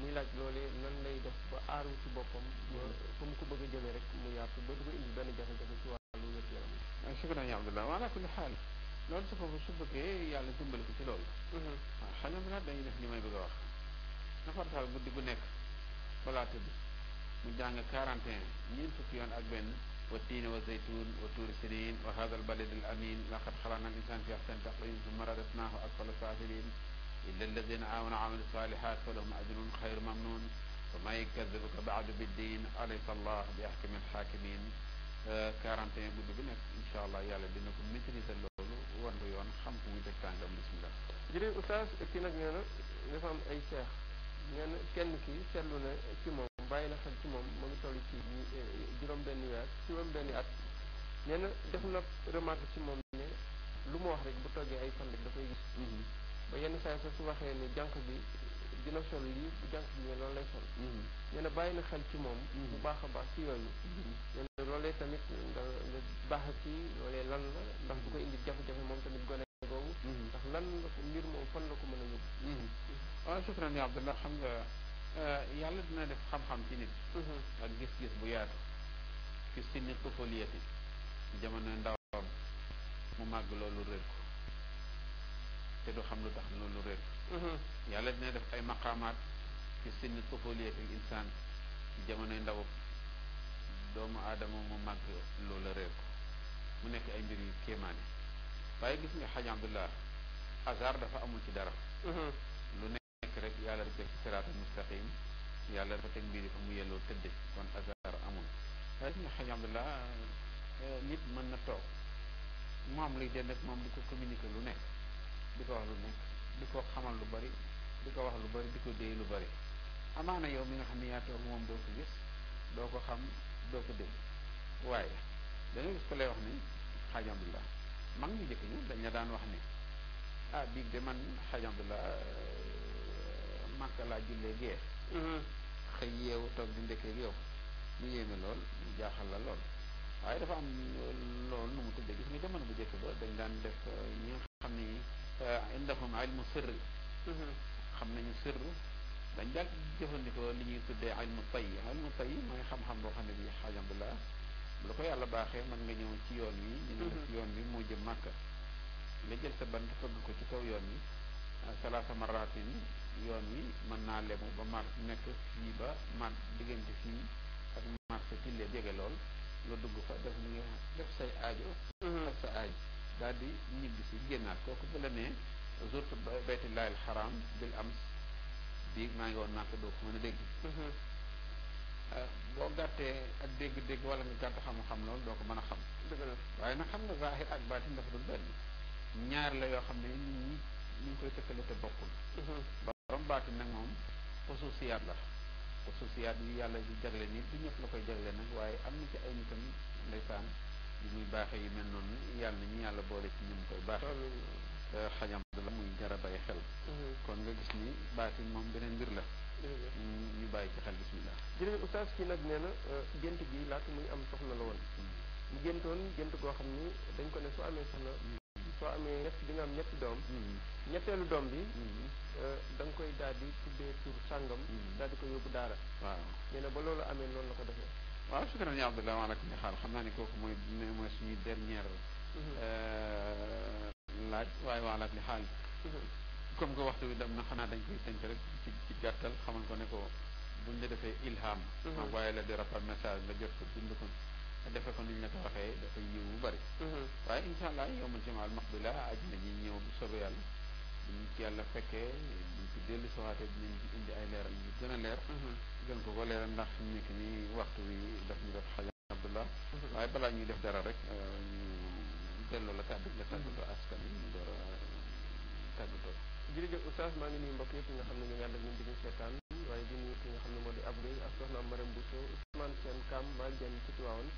muy laaj loolee nan lay def ba aaru ci boppam ba mm-hmm. mu ko bëgg a rek mu yaatu ba du ko indi benn jafe-jafe ci wàllu wér yaram ah, shukran ya abdullah wa ala kulli xaal loolu su boobu su bëggee yàlla dimbali ko ci loolu waaw mm-hmm. ah, xanaa bi nag dañuy def li may bëgg a wax na farataal guddi gu nekk balaa bi mu jàng 41 ñeent fukki yoon ak benn wa tiini wa zaytuun wa tuuri siniin wa haadha albalad al amin laqad xalaqna al insaan fi ahsani taqwiim summa radadnaahu asfala saafiliin illa alladina aamanu wa amilu saalihaat falahum ajrun xayru mamnuun wa man yukadibuka ba'du biddiin alaysa allah bi ahkami alxaakimiin 41 guddi bi nag incha allah yàlla dina ko maîtriser loolu wan yoon xam ko muy teg tàngam bismillah jërëjëf oustaz kii nag nee na dafa am ay seex nee kenn ki seetlu na ci moom bàyyi na xel ci moom mu ngi toll ci juróom benn weer juróom benni at nee def na remarque ci moom lu mu wax rek bu toggee ay fan rek da koy gis ba yenn saa sa su waxee ne jànq bi dina sol lii bu jànq bi ne loolu lay sol mm-hmm. nee bàyyi na xel ci moom mm-hmm. bu baax a baax ci yooyu nee na loolee tamit nga nga baax ci loolee lan la ndax bu ko indi jafe-jafe moom tamit gone googu mm-hmm. ndax lan la ko mbir moom fan la ko mën a yóbbu waaw sufran ya Abdallah xam nga euh, yàlla dina def xam-xam ci nit mhm. ak gis-gis bu yaatu fi sinni tufoliyati jamono ndawam mu màgg loolu réer ko te du xam lu tax loolu réer mhm. yàlla dina def ay maqaamaat fi sinni tufoliyati insaan jamono ndaw doomu aadama mu màgg loola réer mu nekk ay mbir yu kéemaane waaye gis nga xaj Abdallah hasard dafa amul ci dara mhm. rek yàlla da teg siraatu mustaqim yàlla dafa teg mbir yi fa mu yelloo tëdde kon hasard amul waaye suñu xaj Abdallah euh, nit mën na toog mu am luy moom di ko communiquer lu nekk di ko wax lu nekk di ko xamal lu bari di ko wax lu bari di ko déy lu bari amaana yow mi nga xam ne yaa toog moom doo ko gis doo ko xam doo ko dégg waaye danga gis ko lay wax ni xaj mag ñu jëkk ñu dañ la daan wax ni ah biig de man xaj Màkka la jullee gee mm-hmm. xëy yeewu toog di ndekkeeg yow mu yéeme lool mu jaaxal la lool waaye dafa am lool nu mu tuddee gis nga jamono bu njëkk ba dañ daan def euh, xam ne euh, indahum ilmu sirr mm-hmm. xam nañu sirr dañ daan jëfandikoo li ñuy tuddee ilmu tay ilmu tay mooy xam-xam boo xam ne bi xaajambilaa lu ko yàlla baaxee mën nga ñëw ci yoon wi ñu ne mm-hmm. ci yoon wi moo jëm màkk nga jël sa bant ko ci kaw yoon wi salaasa maraatin yoon wi mën naa lemu ba mar nekk fii ba mar diggante fii ak marché Tille jege lool nga dugg fa def li nga def mm-hmm. sa aaj dal di ñibbi si génnaat kooku bu la nee zurtu baytullahi alxaram bil ams bi maa ngi woon naa ko doo ko mën a dégg mm-hmm. ah, boo gàttee ak dégg-dégg wala nga gàtt xam-xam loolu doo ko mën a xam waaye nag xam nga zahir ak baatin dafa dul benn ñaar la yoo xam ne nit ñi ñu ngi koy tëkkale te bokkul mm-hmm. borom baati nag moom xususiyaat la xususiyaat yu yàlla di jagle nii du ñëpp la koy jagle nag waaye am na ci ay nitam ndeysaan yu muy baaxee yu mel noonu yàlla na ñu yàlla boole ci ñoom koy baaxee euh, xajam la muy jara bay xel kon nga gis ni baatin moom beneen mbir la ñu bàyyi ci xel bismillah jërëjëf oustaz kii nag nee na euh, gént gi laata muy am soxla la woon mm. mu géntoon gént goo xam ni dañ ko ne soo amee soxna mm. soo amee ñett di nga am ñetti doom mm. ñetteelu doom bi mm-hmm. euh, da nga koy daal di tuddee tur sàngam mm-hmm. daal di ko yóbbu daara waaw nee na ba loolu amee noonu la ko defee waaw sukran ya abdullah ala kulli xaal xam naa ni kooku mooy mooy suñu dernière mm-hmm. euh, laaj waaye wa ala kulli xaal comme que waxtu wi dem na xanaa dañ koy tënk rek ci ci gàttal xamal ko ne ko buñ la defee ilham envoyé la di rappel message la jot ko bind ko defe ko niñ la ko waxee dafay yiw bu bëri waaye incha allah yow ma jimaal maxdula ajina ñi ñëw bu soobee yàlla suñu ci yàlla fekkee buñ ci dellu bi dinañ ci indi ay leeral yu gën a leer mm-hmm. gën ko ko leeral ndax nekk ni waxtu wi daf ñu def xaja abdullah mm-hmm. waaye balaa ñuy def dara rek euh, ñu delloo la kàddu nga tàggatoo askan yi ñu door a tàggatoo jërëjëf oustaz maa ngi nuyu mbokk nga xam ne ñu ngi ànd ak ñun di ñu seetaan waaye di ki nga xam ne moo di Abdou ak soxna Marème Bousso Ousmane seen Kam Malick Diagne ci Tivaouane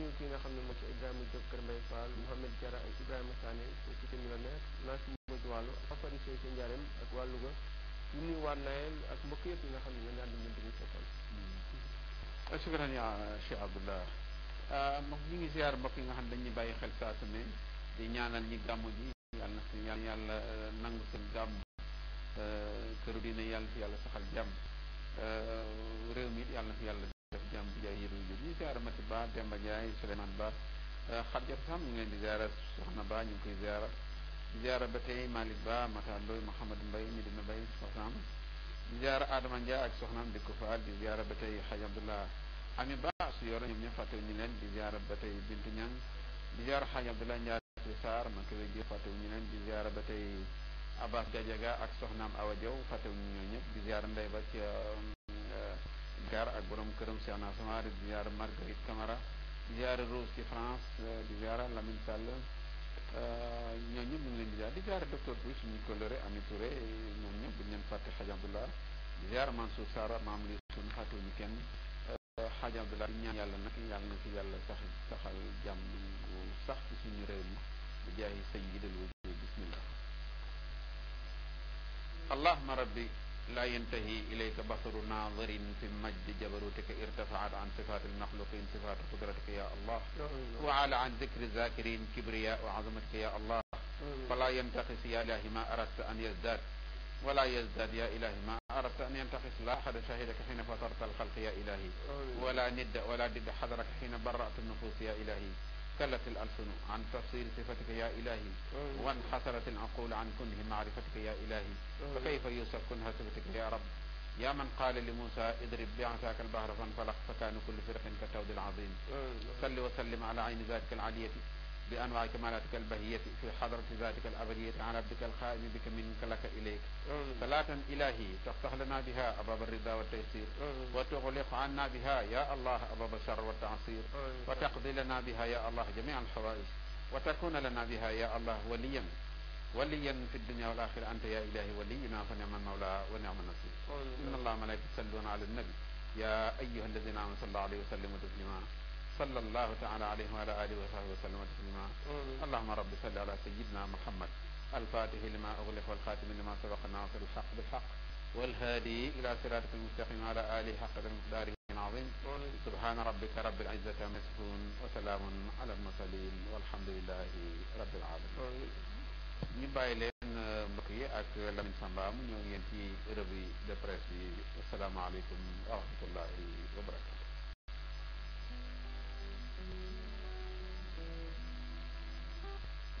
nuyu ki nga xam ne moo ci Ibrahima Diop Kër Mbaye Fall Mouhamed Diarra ak Ibrahima Sané foofu ci ci wàllu Fapal Seye ak wàllu ga di nuyu ak mbokk yëpp yi nga xam ne ñoo daan nañu dugg foofu. shukran ya Cheikh Abdullah ah, ngi ziar mbokk yi nga xam dañuy bàyyi xel saa su ne di ñaanal ñi gàmm ji yàlla na si yàlla nangu seen gàmm ah, këru yàlla fi yàlla saxal jàmm ah, réew mi it yàlla na fi yàlla def jàmm ci jaay yëpp ñu ngi ziara Mati Ba Demba Ndiaye Souleymane Ba Xadjat euh, Sam ñu ngi leen di ziara Soxna Ba ñu ngi koy ziara ziara ba tey Malick Ba Mata Ndoye mbay Mbaye Medina Mbaye soxnaam ziara Adama Ndiaye ak soxna di ko faal di ziara ba tey Xaj Abdullah Ami Ba su yoro ñoom ñoo fàttewu ñu leen di ziara ba tey Bintu Ñang di ziara Xaj Abdullah Ndiaye Sarr ma koy ji fàttewu ñu leen di ziara ba tey Abbas Diadiaga ak soxna Awa Diaw fàttewu ñu ñoo ñëpp di ziara Ndey Ba ci Dakar ak borom këram Cheikh Nassama di ziara Marguerite Camara di ziara Rose ci France di ziara Lamine Sall euh, ñoo ñëpp ñu ngi leen di ziara di ziara docteur Pouy suñu coloré Ami Touré ñoom ñëpp bu ñu leen fàtte Hadj Abdoulah di ziara Mansour Sara maam li suñu fàttewuñu kenn euh, Hadj Abdoulah di ñaan yàlla nag yàlla na ci yàlla sax saxal jàmm bu sax ci suñu réew mi bu jaay sëñ bi dal wajur bismillah rabbi laa yantahi ilayka basaru naadirin fi majdi jabarutika irtafaat an sifaati almaxluqin sifaatu qudratika ya allah wa ala an dicri zakirin kibriya wa azamatika ya allah fala yantaqis ya ilahi ma aradta an yazdaad wala yazdaad ya ilahi ma aradta an yantaqis la ahad shahidaka xina fatarta alxalq ya ilahi wala nidda wala didda xadaraka xina barrata nufus ya ilahi اختلت الألسن عن تفسير صفتك يا إلهي وانحسرت العقول عن كنه معرفتك يا إلهي فكيف يوصف كنه صفتك يا رب يا من قال لموسى اضرب بعصاك البحر فانفلق فكان كل فرق كالتود العظيم صل وسلم على عين ذلك العلية bi anwaa kamalatikal bahiyati fi xadrati zatikal abadiyati an rabbikal xaami bika minka laka ilayk salaatan ilahi taftax lana biha ababa rida wa taysir wa tuxliq anna biha ya allah ababa shar wa taasir wa taqdi lana biha ya allah jamia alxawais wa takuna lana biha ya allah waliyan waliyan fi dunia wal axira anta ya ilahi waliyuna fa niman mawla wa niman nasir inna allah malaika yusalluna ala nabi ya ayuha alladina amanu sallallahu alayhi wa sallimu taslima صلى الله تعالى عليه وعلى آله وصحبه وسلم تسليما اللهم رب صل على سيدنا محمد الفاتح لما أغلق والخاتم لما سبق الناصر الحق بالحق والهادي إلى صراطك المستقيم وعلى آله حق المقدار العظيم سبحان ربك رب العزة عما يصفون وسلام على المرسلين والحمد لله رب العالمين ñu bàyyi leen mbokk yi ak Lamine Samba mu ñëw ngeen ci revue de presse bi asalaamaaleykum wa rahmatullahi wa barakatu